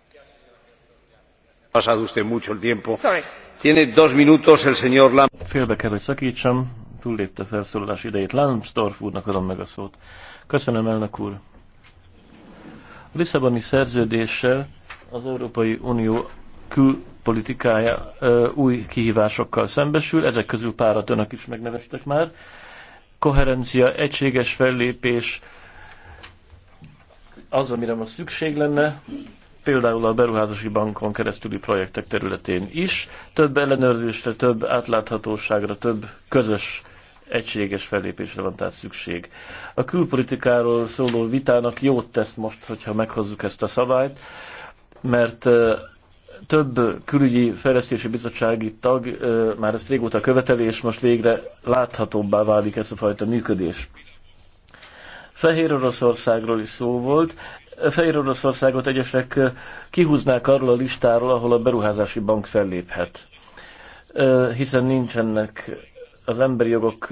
Félbe kell, hogy szakítsam. Túllépte felszólalás idejét. Lambsdorff úrnak adom meg a szót. Köszönöm, elnök úr. A Lisszaboni szerződéssel az Európai Unió külpolitikája új kihívásokkal szembesül, ezek közül párat önök is megneveztek már. Koherencia, egységes fellépés, az, amire most szükség lenne, például a beruházási bankon keresztüli projektek területén is, több ellenőrzésre, több átláthatóságra, több közös egységes fellépésre van tehát szükség. A külpolitikáról szóló vitának jót tesz most, hogyha meghozzuk ezt a szabályt, mert több külügyi fejlesztési bizottsági tag már ezt régóta követeli, és most végre láthatóbbá válik ez a fajta működés. Fehér Oroszországról is szó volt. Fehér Oroszországot egyesek kihúznák arról a listáról, ahol a beruházási bank felléphet, hiszen nincsenek az emberi jogok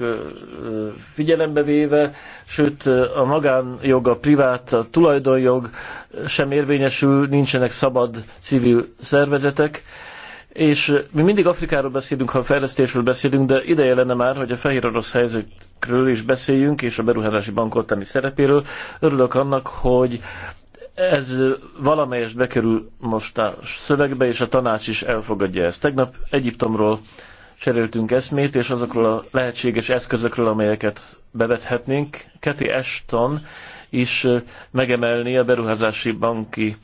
figyelembe véve, sőt a magánjog, a privát, a tulajdonjog sem érvényesül, nincsenek szabad civil szervezetek, és mi mindig Afrikáról beszélünk, ha a fejlesztésről beszélünk, de ideje lenne már, hogy a fehér orosz helyzetről is beszéljünk, és a beruházási bank ottani szerepéről. Örülök annak, hogy ez valamelyest bekerül most a szövegbe, és a tanács is elfogadja ezt. Tegnap Egyiptomról cseréltünk eszmét, és azokról a lehetséges eszközökről, amelyeket bevethetnénk. Keti Ashton is megemelni a beruházási banki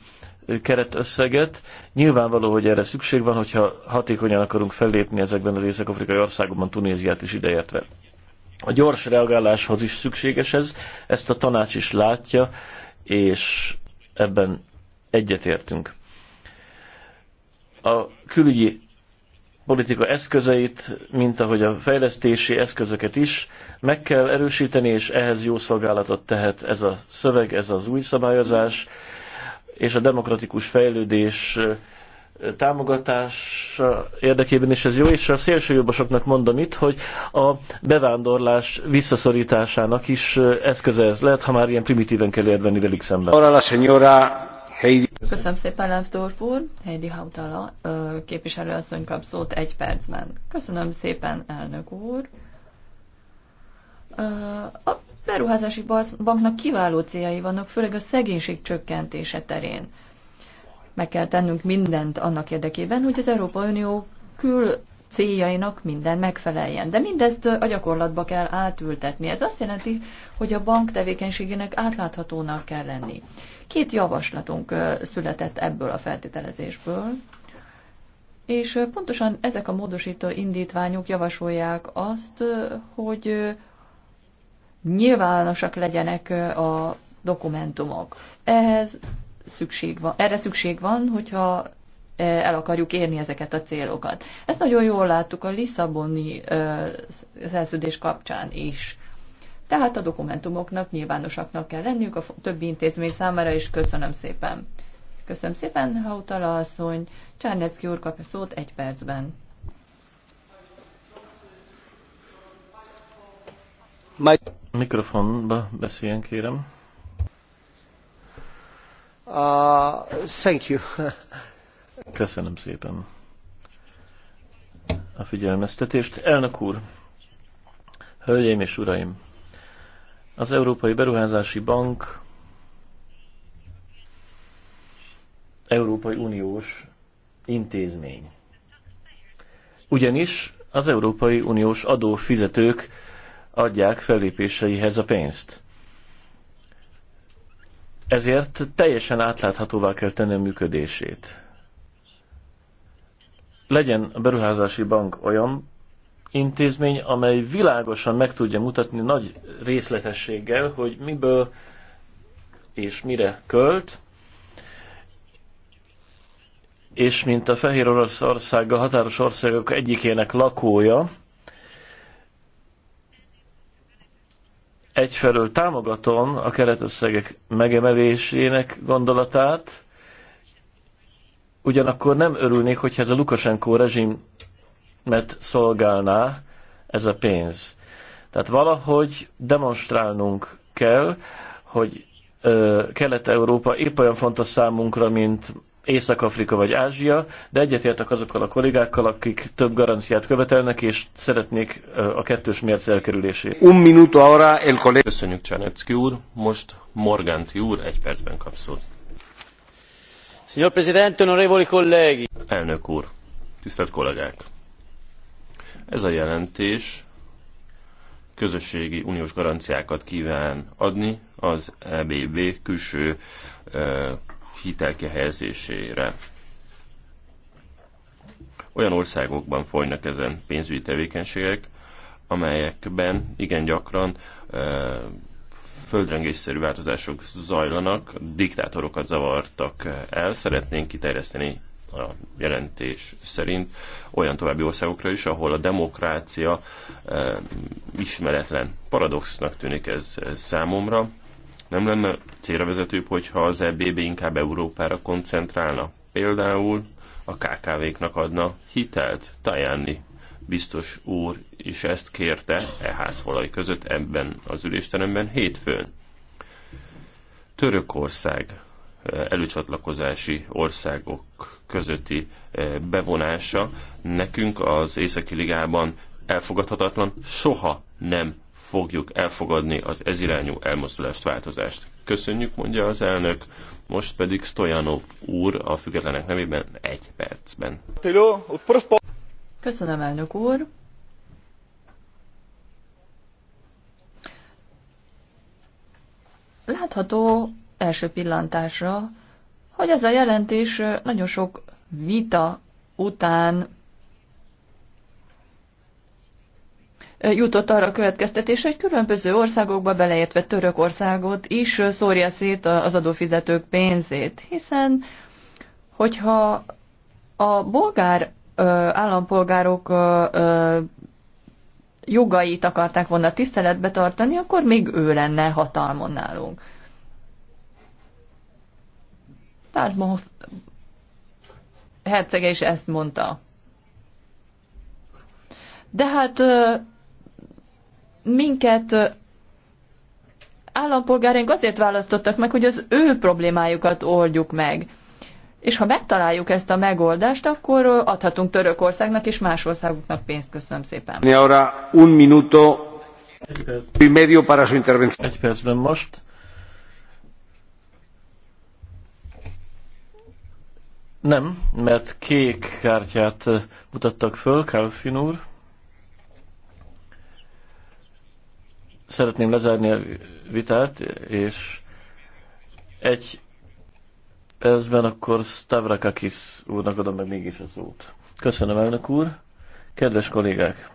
keretösszeget. Nyilvánvaló, hogy erre szükség van, hogyha hatékonyan akarunk fellépni ezekben az észak-afrikai országokban, Tunéziát is ideértve. A gyors reagáláshoz is szükséges ez, ezt a tanács is látja, és ebben egyetértünk. A külügyi politika eszközeit, mint ahogy a fejlesztési eszközöket is, meg kell erősíteni, és ehhez jó szolgálatot tehet ez a szöveg, ez az új szabályozás, és a demokratikus fejlődés támogatása érdekében is ez jó, és a szélsőjobbosoknak mondom itt, hogy a bevándorlás visszaszorításának is eszköze ez lehet, ha már ilyen primitíven kell érteni velük szemben. Köszönöm szépen, Lefdorf úr. Heidi Hautala képviselőasszony kap szót egy percben. Köszönöm szépen, elnök úr. A beruházási banknak kiváló céljai vannak, főleg a szegénység csökkentése terén meg kell tennünk mindent annak érdekében, hogy az Európai Unió kül céljainak minden megfeleljen. De mindezt a gyakorlatba kell átültetni. Ez azt jelenti, hogy a bank tevékenységének átláthatónak kell lenni. Két javaslatunk született ebből a feltételezésből, és pontosan ezek a módosító indítványok javasolják azt, hogy nyilvánosak legyenek a dokumentumok. Ehhez szükség van, erre szükség van, hogyha e, el akarjuk érni ezeket a célokat. Ezt nagyon jól láttuk a Lisszaboni e, szerződés kapcsán is. Tehát a dokumentumoknak nyilvánosaknak kell lennünk a többi intézmény számára is. Köszönöm szépen. Köszönöm szépen, utala asszony. Csárnecki úr kapja szót egy percben. Mikrofonba beszéljen, kérem. Uh, thank you. Köszönöm szépen a figyelmeztetést. Elnök úr, hölgyeim és uraim, az Európai Beruházási Bank Európai Uniós intézmény. Ugyanis az Európai Uniós adófizetők adják fellépéseihez a pénzt. Ezért teljesen átláthatóvá kell tenni a működését. Legyen a beruházási bank olyan intézmény, amely világosan meg tudja mutatni nagy részletességgel, hogy miből és mire költ, és mint a Fehér a határos országok egyikének lakója, egyfelől támogatom a keretösszegek megemelésének gondolatát, ugyanakkor nem örülnék, hogyha ez a Lukasenko rezsimet szolgálná ez a pénz. Tehát valahogy demonstrálnunk kell, hogy Kelet-Európa épp olyan fontos számunkra, mint Észak-Afrika vagy Ázsia, de egyetértek azokkal a kollégákkal, akik több garanciát követelnek, és szeretnék a kettős mérce elkerülését. Un minuto ahora el kollég... Köszönjük Csánecki úr, most Morgant úr egy percben kap szót. Signor Presidente, onorevoli colleghi! Elnök úr, tisztelt kollégák! Ez a jelentés közösségi uniós garanciákat kíván adni az EBB külső hitelkehelyezésére. Olyan országokban folynak ezen pénzügyi tevékenységek, amelyekben igen gyakran e, földrengésszerű változások zajlanak, diktátorokat zavartak el, szeretnénk kiterjeszteni a jelentés szerint olyan további országokra is, ahol a demokrácia e, ismeretlen. Paradoxnak tűnik ez számomra, nem lenne célra vezetőbb, hogyha az EBB inkább Európára koncentrálna? Például a KKV-knak adna hitelt, tajánni. biztos úr is ezt kérte e házfalai között ebben az ülésteremben hétfőn. Törökország eh, előcsatlakozási országok közötti eh, bevonása nekünk az Északi Ligában elfogadhatatlan, soha nem fogjuk elfogadni az ezirányú elmozdulást, változást. Köszönjük, mondja az elnök, most pedig Stojanov úr a függetlenek nevében egy percben. Köszönöm, elnök úr. Látható első pillantásra, hogy ez a jelentés nagyon sok vita után jutott arra a következtetés, hogy különböző országokba beleértve Törökországot is szórja szét az adófizetők pénzét, hiszen hogyha a bolgár állampolgárok jogait akarták volna tiszteletbe tartani, akkor még ő lenne hatalmon nálunk. ma hercege is ezt mondta. De hát minket állampolgáraink azért választottak meg, hogy az ő problémájukat oldjuk meg. És ha megtaláljuk ezt a megoldást, akkor adhatunk Törökországnak és más országoknak pénzt. Köszönöm szépen. un minuto y medio para su intervención. Egy percben most. Nem, mert kék kártyát mutattak föl, Kalfin úr. szeretném lezárni a vitát, és egy percben akkor Stavrakakis úrnak adom meg mégis a szót. Köszönöm, elnök úr. Kedves kollégák!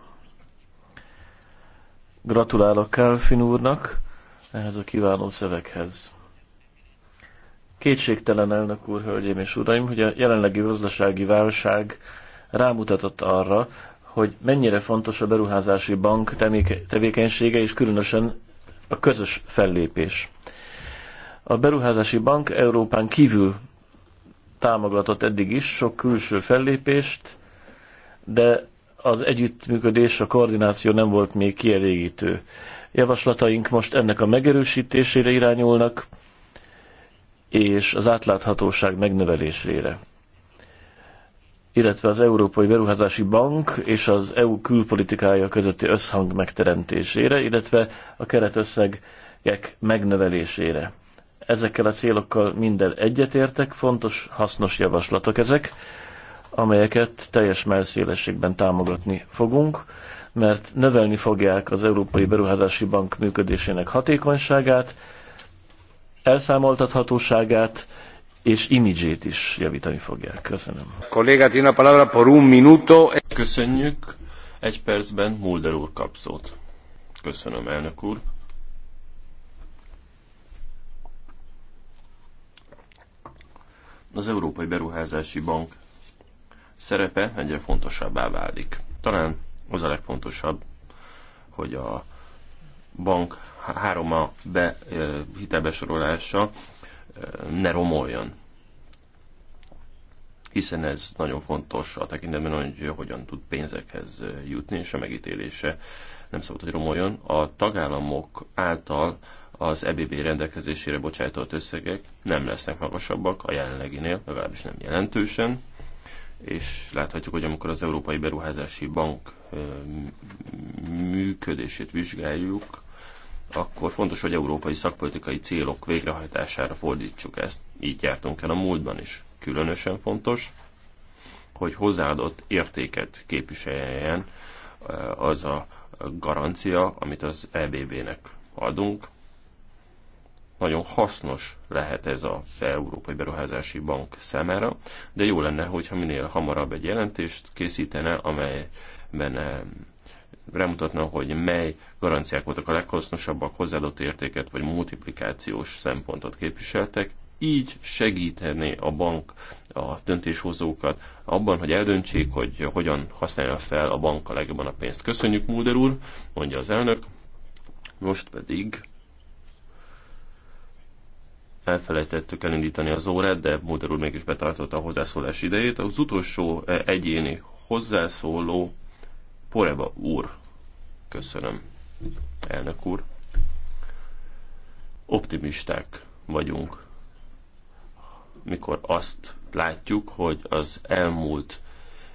Gratulálok Kálfin úrnak ehhez a kiváló szöveghez. Kétségtelen elnök úr, hölgyeim és uraim, hogy a jelenlegi gazdasági válság rámutatott arra, hogy mennyire fontos a beruházási bank tevékenysége, és különösen a közös fellépés. A beruházási bank Európán kívül támogatott eddig is sok külső fellépést, de az együttműködés, a koordináció nem volt még kielégítő. Javaslataink most ennek a megerősítésére irányulnak, és az átláthatóság megnövelésére illetve az Európai Beruházási Bank és az EU külpolitikája közötti összhang megteremtésére, illetve a keretösszegek megnövelésére. Ezekkel a célokkal minden egyetértek, fontos, hasznos javaslatok ezek, amelyeket teljes melszélességben támogatni fogunk, mert növelni fogják az Európai Beruházási Bank működésének hatékonyságát, elszámoltathatóságát, és imidzsét is javítani fogják. Köszönöm. Kollégátina a palabra por un minuto. Köszönjük. Egy percben Mulder úr kap szót. Köszönöm, elnök úr. Az Európai Beruházási Bank szerepe egyre fontosabbá válik. Talán az a legfontosabb, hogy a bank hároma be eh, hitelbesorolása ne romoljon. Hiszen ez nagyon fontos a tekintetben, hogy hogyan tud pénzekhez jutni, és a megítélése nem szabad, hogy romoljon. A tagállamok által az EBB rendelkezésére bocsájtott összegek nem lesznek magasabbak a jelenleginél, legalábbis nem jelentősen, és láthatjuk, hogy amikor az Európai Beruházási Bank működését vizsgáljuk, akkor fontos, hogy európai szakpolitikai célok végrehajtására fordítsuk ezt. Így jártunk el a múltban is. Különösen fontos, hogy hozzáadott értéket képviseljen eh, az a garancia, amit az EBB-nek adunk. Nagyon hasznos lehet ez az Európai Beruházási Bank számára, de jó lenne, hogyha minél hamarabb egy jelentést készítene, amelyben eh, bemutatna, hogy mely garanciák voltak a leghasznosabbak, hozzáadott értéket vagy multiplikációs szempontot képviseltek, így segíteni a bank a döntéshozókat abban, hogy eldöntsék, hogy hogyan használja fel a bank a legjobban a pénzt. Köszönjük, Mulder úr, mondja az elnök. Most pedig elfelejtettük elindítani az órát, de Mulder úr mégis betartotta a hozzászólás idejét. Az utolsó eh, egyéni hozzászóló Poreba úr. Köszönöm, elnök úr. Optimisták vagyunk, mikor azt látjuk, hogy az elmúlt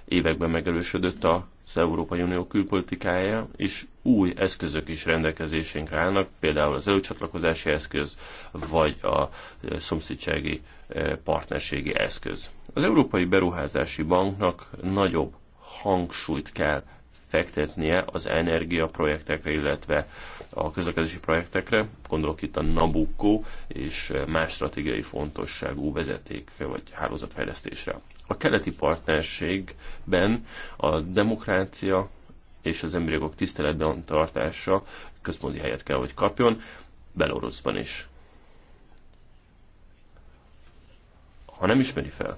években megerősödött az Európai Unió külpolitikája, és új eszközök is rendelkezésünkre állnak, például az előcsatlakozási eszköz, vagy a eh, szomszédsági eh, partnerségi eszköz. Az Európai Beruházási Banknak nagyobb hangsúlyt kell fektetnie az energiaprojektekre, illetve a közlekedési projektekre, gondolok itt a Nabucco és más stratégiai fontosságú vezeték vagy hálózatfejlesztésre. A keleti partnerségben a demokrácia és az emberi jogok tiszteletben tartása központi helyet kell, hogy kapjon, Belarusban is. Ha nem ismeri fel,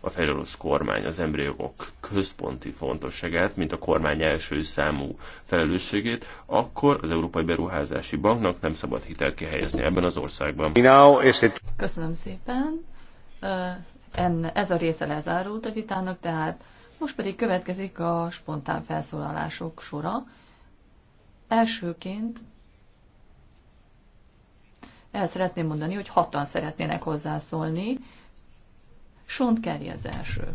a fejlődős kormány az emberi jogok központi fontosságát, mint a kormány első számú felelősségét, akkor az Európai Beruházási Banknak nem szabad hitelt kihelyezni ebben az országban. Köszönöm szépen. Ez a része lezárult a vitának, tehát most pedig következik a spontán felszólalások sora. Elsőként el szeretném mondani, hogy hatan szeretnének hozzászólni. Sont Kerry az első.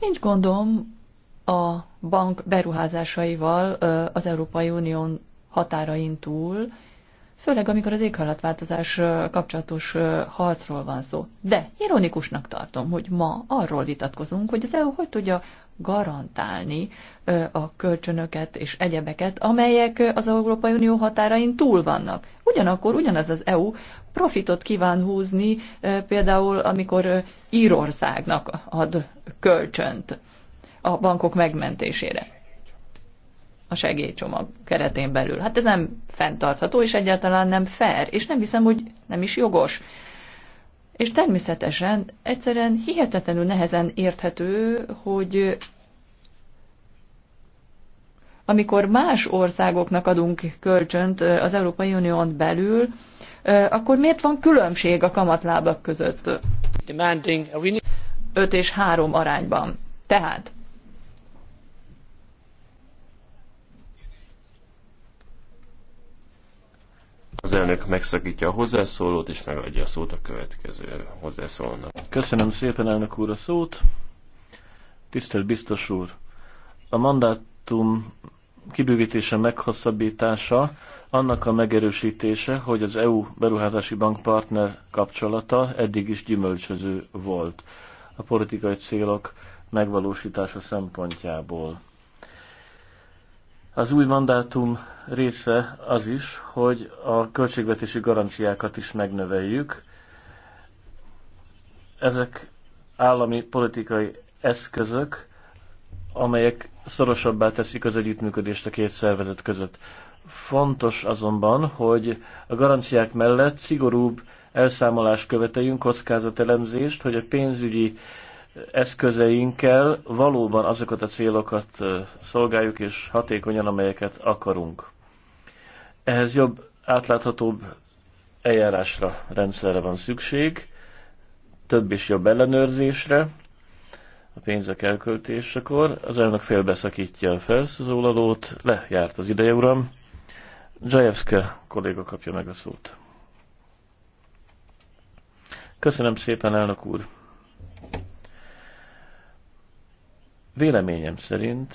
Nincs gondom a bank beruházásaival az Európai Unión határain túl, főleg amikor az éghajlatváltozás kapcsolatos harcról van szó. De ironikusnak tartom, hogy ma arról vitatkozunk, hogy az EU hogy tudja garantálni a kölcsönöket és egyebeket, amelyek az Európai Unió határain túl vannak. Ugyanakkor ugyanaz az EU profitot kíván húzni, például amikor Írországnak ad kölcsönt a bankok megmentésére a segélycsomag keretén belül. Hát ez nem fenntartható, és egyáltalán nem fair, és nem hiszem, hogy nem is jogos. És természetesen egyszerűen hihetetlenül nehezen érthető, hogy amikor más országoknak adunk kölcsönt az Európai Unión belül, akkor miért van különbség a kamatlábak között? 5 és 3 arányban. Tehát Az elnök megszakítja a hozzászólót, és megadja a szót a következő hozzászólónak. Köszönöm szépen, elnök úr, a szót. Tisztelt biztos úr, a mandátum kibővítése, meghosszabbítása, annak a megerősítése, hogy az EU beruházási bank partner kapcsolata eddig is gyümölcsöző volt a politikai célok megvalósítása szempontjából. Az új mandátum része az is, hogy a költségvetési garanciákat is megnöveljük. Ezek állami politikai eszközök, amelyek szorosabbá teszik az együttműködést a két szervezet között. Fontos azonban, hogy a garanciák mellett szigorúbb elszámolást követeljünk, kockázatelemzést, hogy a pénzügyi eszközeinkkel valóban azokat a célokat szolgáljuk, és hatékonyan, amelyeket akarunk. Ehhez jobb, átláthatóbb eljárásra, rendszerre van szükség, több és jobb ellenőrzésre, a pénzek elköltésekor. Az elnök félbeszakítja a felszólalót, lejárt az ideje, uram. Zsajevszke kolléga kapja meg a szót. Köszönöm szépen, elnök úr! Véleményem szerint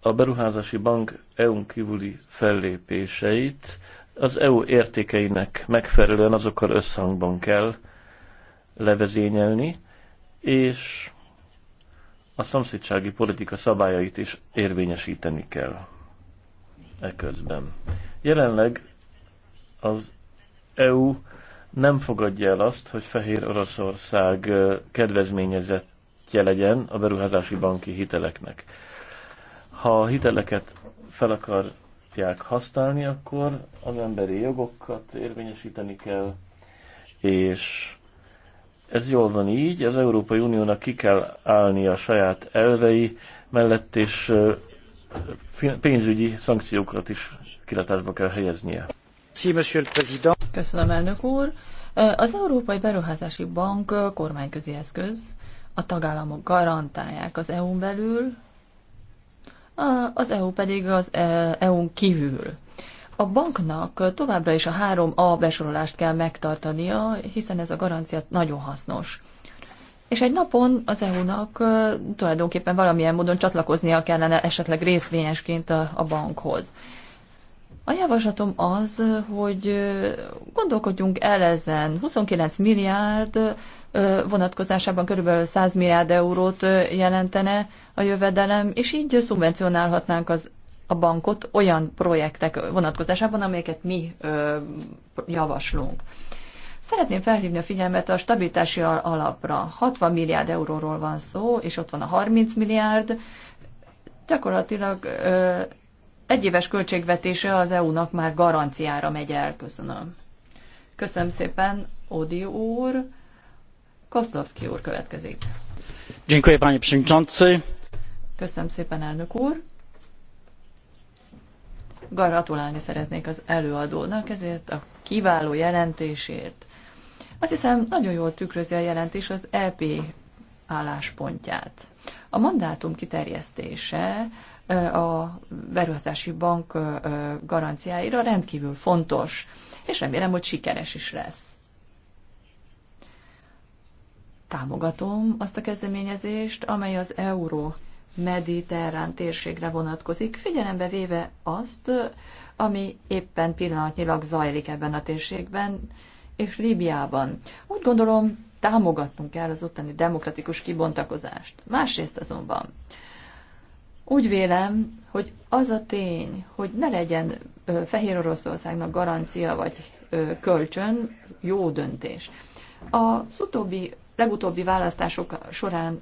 a beruházási bank EU-n kívüli fellépéseit az EU értékeinek megfelelően azokkal összhangban kell levezényelni, és a szomszédsági politika szabályait is érvényesíteni kell eközben. Jelenleg az EU nem fogadja el azt, hogy Fehér Oroszország kedvezményezett kreditje legyen a beruházási banki hiteleknek. Ha a hiteleket fel akarják használni, akkor az emberi jogokat érvényesíteni kell, és ez jól van így, az Európai Uniónak ki kell állni a saját elvei mellett, és pénzügyi szankciókat is kilátásba kell helyeznie. Köszönöm, elnök úr. Az Európai Beruházási Bank kormányközi eszköz, a tagállamok garantálják az EU-n belül, az EU pedig az EU-n e kívül. A banknak továbbra is a 3A besorolást kell megtartania, hiszen ez a garancia nagyon hasznos. És egy napon az EU-nak tulajdonképpen valamilyen módon csatlakoznia kellene esetleg részvényesként a, a bankhoz. A javaslatom az, hogy gondolkodjunk el ezen. 29 milliárd vonatkozásában kb. 100 milliárd eurót jelentene a jövedelem, és így szubvencionálhatnánk az a bankot olyan projektek vonatkozásában, amelyeket mi ö, javaslunk. Szeretném felhívni a figyelmet a stabilitási alapra. 60 milliárd euróról van szó, és ott van a 30 milliárd. Gyakorlatilag ö, egy éves költségvetése az EU-nak már garanciára megy el. Köszönöm. Köszönöm szépen, Odi úr. Koszlovszki úr következik. Dziękuję, przewodniczący. Köszönöm szépen, elnök úr. Gratulálni szeretnék az előadónak ezért a kiváló jelentésért. Azt hiszem, nagyon jól tükrözi a jelentés az EP álláspontját. A mandátum kiterjesztése a beruházási bank garanciáira rendkívül fontos, és remélem, hogy sikeres is lesz támogatom azt a kezdeményezést, amely az euró mediterrán térségre vonatkozik, figyelembe véve azt, ami éppen pillanatnyilag zajlik ebben a térségben és Líbiában. Úgy gondolom, támogatnunk kell az ottani demokratikus kibontakozást. Másrészt azonban úgy vélem, hogy az a tény, hogy ne legyen Fehér Oroszországnak garancia vagy kölcsön, jó döntés. Az utóbbi legutóbbi választások során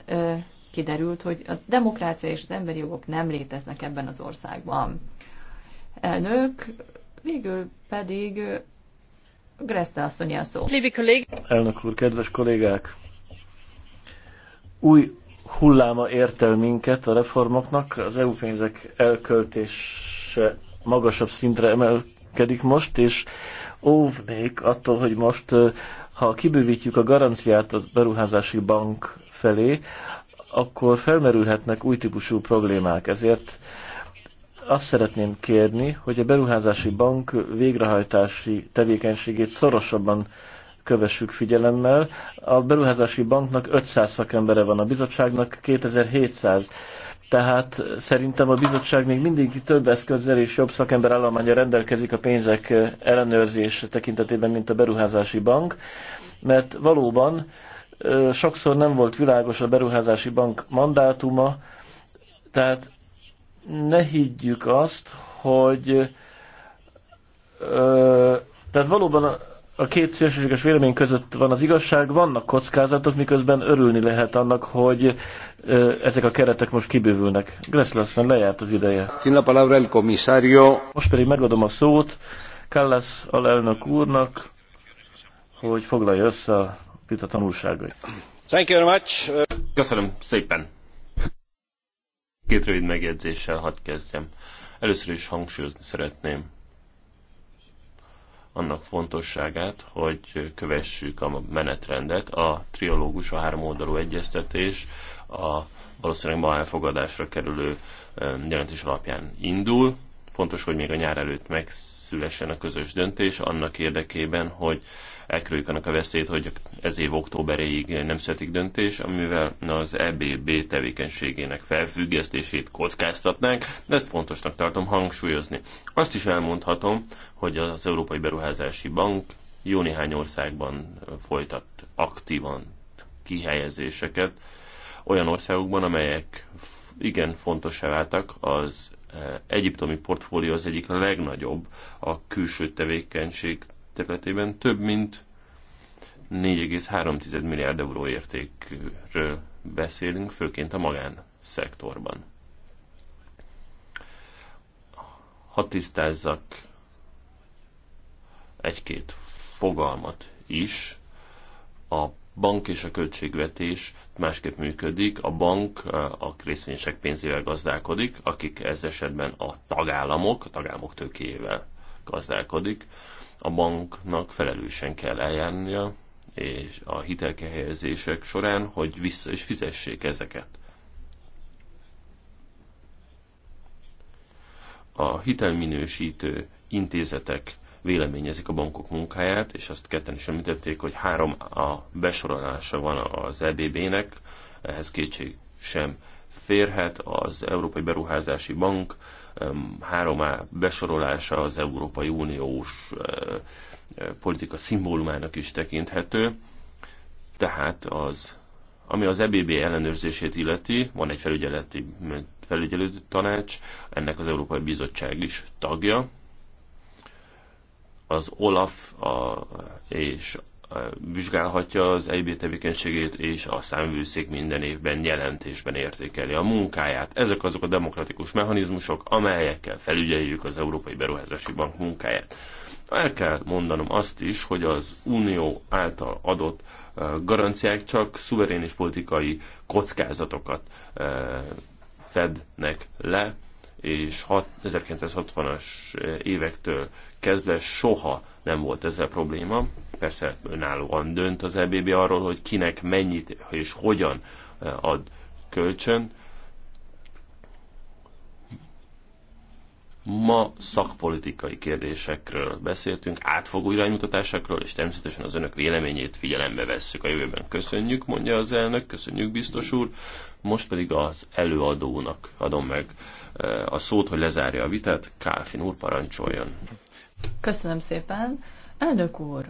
kiderült, hogy a demokrácia és az emberi jogok nem léteznek ebben az országban. Elnök, végül pedig Greszte asszony a szó. Elnök úr, kedves kollégák! Új hulláma ért el minket a reformoknak, az EU pénzek elköltése magasabb szintre emelkedik most, és óvnék attól, hogy most ha kibővítjük a garanciát a beruházási bank felé, akkor felmerülhetnek új típusú problémák. Ezért azt szeretném kérni, hogy a beruházási bank végrehajtási tevékenységét szorosabban kövessük figyelemmel. A beruházási banknak 500 szakembere van, a bizottságnak 2700 tehát szerintem a bizottság még mindig több eszközzel és jobb szakember állománya rendelkezik a pénzek ellenőrzés tekintetében, mint a beruházási bank, mert valóban sokszor nem volt világos a beruházási bank mandátuma, tehát ne higgyük azt, hogy tehát valóban a két szélsőséges vélemény között van az igazság, vannak kockázatok, miközben örülni lehet annak, hogy ezek a keretek most kibővülnek. Gresslersen lejárt az ideje. palabra el comisario. Most pedig megadom a szót Kallas alelnök úrnak, hogy foglalja össze a vita tanulságait. Thank you very much. Köszönöm szépen. Két rövid megjegyzéssel hadd kezdjem. Először is hangsúlyozni szeretném, annak fontosságát, hogy kövessük a menetrendet. A triológus, a három oldalú egyeztetés a valószínűleg ma elfogadásra kerülő jelentés alapján indul. Fontos, hogy még a nyár előtt megszülessen a közös döntés annak érdekében, hogy elkerüljük annak a veszélyt, hogy ez év októberéig nem születik döntés, amivel az EBB tevékenységének felfüggesztését kockáztatnánk, de ezt fontosnak tartom hangsúlyozni. Azt is elmondhatom, hogy az Európai Beruházási Bank jó néhány országban folytat aktívan kihelyezéseket, olyan országokban, amelyek igen fontos váltak, az eh, egyiptomi portfólió az egyik legnagyobb a külső tevékenység területében több mint 4,3 milliárd euró értékről beszélünk, főként a magánszektorban. Ha tisztázzak egy-két fogalmat is, a bank és a költségvetés másképp működik, a bank eh, a részvényesek pénzével gazdálkodik, akik ez esetben a tagállamok, a tagállamok tőkéjével gazdálkodik. A banknak felelősen kell eljárnia és a hitelkehelyezések során, hogy vissza is fizessék ezeket. A hitelminősítő intézetek véleményezik a bankok munkáját, és azt ketten is említették, hogy három a besorolása van az EBB-nek, ehhez kétség sem férhet. Az Európai Beruházási Bank három besorolása az Európai Uniós eh, eh, politika szimbólumának is tekinthető, tehát az ami az EBB ellenőrzését illeti, van egy felügyeleti felügyelő tanács, ennek az Európai Bizottság is tagja. Az OLAF a, és vizsgálhatja az EIB tevékenységét, és a számvőszék minden évben jelentésben értékeli a munkáját. Ezek azok a demokratikus mechanizmusok, amelyekkel felügyeljük az Európai Beruházási Bank munkáját. El kell mondanom azt is, hogy az Unió által adott garanciák csak szuverén és politikai kockázatokat fednek le, és 1960-as évektől kezdve soha nem volt ezzel probléma. Persze önállóan dönt az EBB arról, hogy kinek mennyit és hogyan eh, ad kölcsön. Ma szakpolitikai kérdésekről beszéltünk, átfogó iránymutatásokról, és természetesen az önök véleményét figyelembe vesszük a jövőben. Köszönjük, mondja az elnök, köszönjük biztos úr. Most pedig az előadónak adom meg eh, a szót, hogy lezárja a vitát. Kálfin úr parancsoljon. Köszönöm szépen. Elnök úr,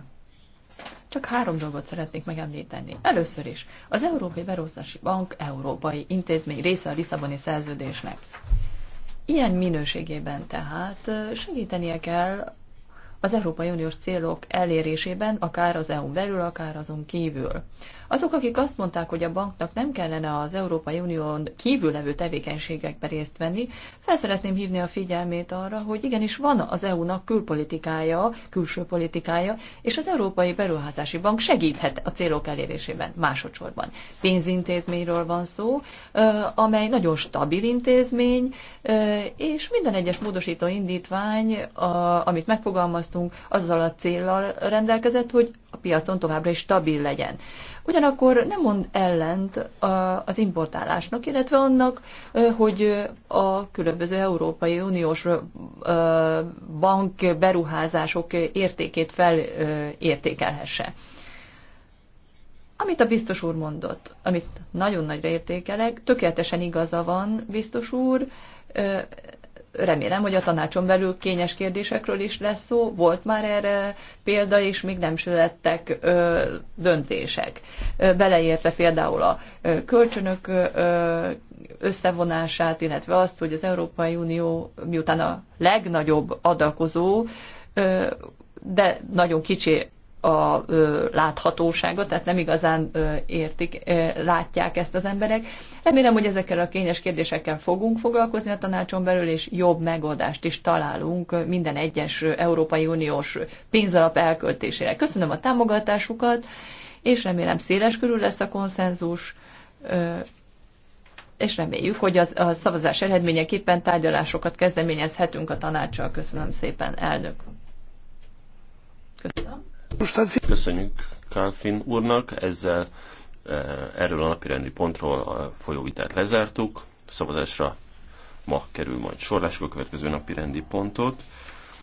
csak három dolgot szeretnék megemlíteni. Először is, az Európai Beruházási Bank európai intézmény része a Lisszaboni szerződésnek. Ilyen minőségében tehát segítenie kell az Európai Uniós célok elérésében, akár az EU-n belül, akár azon kívül. Azok, akik azt mondták, hogy a banknak nem kellene az Európai Unión kívül levő tevékenységekbe részt venni, fel szeretném hívni a figyelmét arra, hogy igenis van az EU-nak külpolitikája, külső politikája, és az Európai Beruházási Bank segíthet a célok elérésében másodszorban. Pénzintézményről van szó, amely nagyon stabil intézmény, és minden egyes módosító indítvány, amit megfogalmaz, fogyasztunk, azzal a célral rendelkezett, hogy a piacon továbbra is stabil legyen. Ugyanakkor nem mond ellent az importálásnak, illetve annak, hogy a különböző Európai Uniós bank beruházások értékét felértékelhesse. Amit a biztos úr mondott, amit nagyon nagyra értékelek, tökéletesen igaza van, biztos úr, remélem, hogy a tanácson belül kényes kérdésekről is lesz szó. Volt már erre példa, és még nem születtek döntések. Beleértve például a kölcsönök összevonását, illetve azt, hogy az Európai Unió miután a legnagyobb adakozó, de nagyon kicsi a láthatósága, tehát nem igazán értik, látják ezt az emberek. Remélem, hogy ezekkel a kényes kérdésekkel fogunk foglalkozni a tanácson belül, és jobb megoldást is találunk minden egyes Európai Uniós pénzalap elköltésére. Köszönöm a támogatásukat, és remélem széles körül lesz a konszenzus, és reméljük, hogy az, a szavazás eredményeképpen tárgyalásokat kezdeményezhetünk a tanácssal. Köszönöm szépen, elnök! Köszönöm. Köszönjük Kalfin úrnak, ezzel eh, erről a napirendi pontról a folyóvitát lezártuk. Szavazásra ma kerül majd sor. a következő napirendi pontot.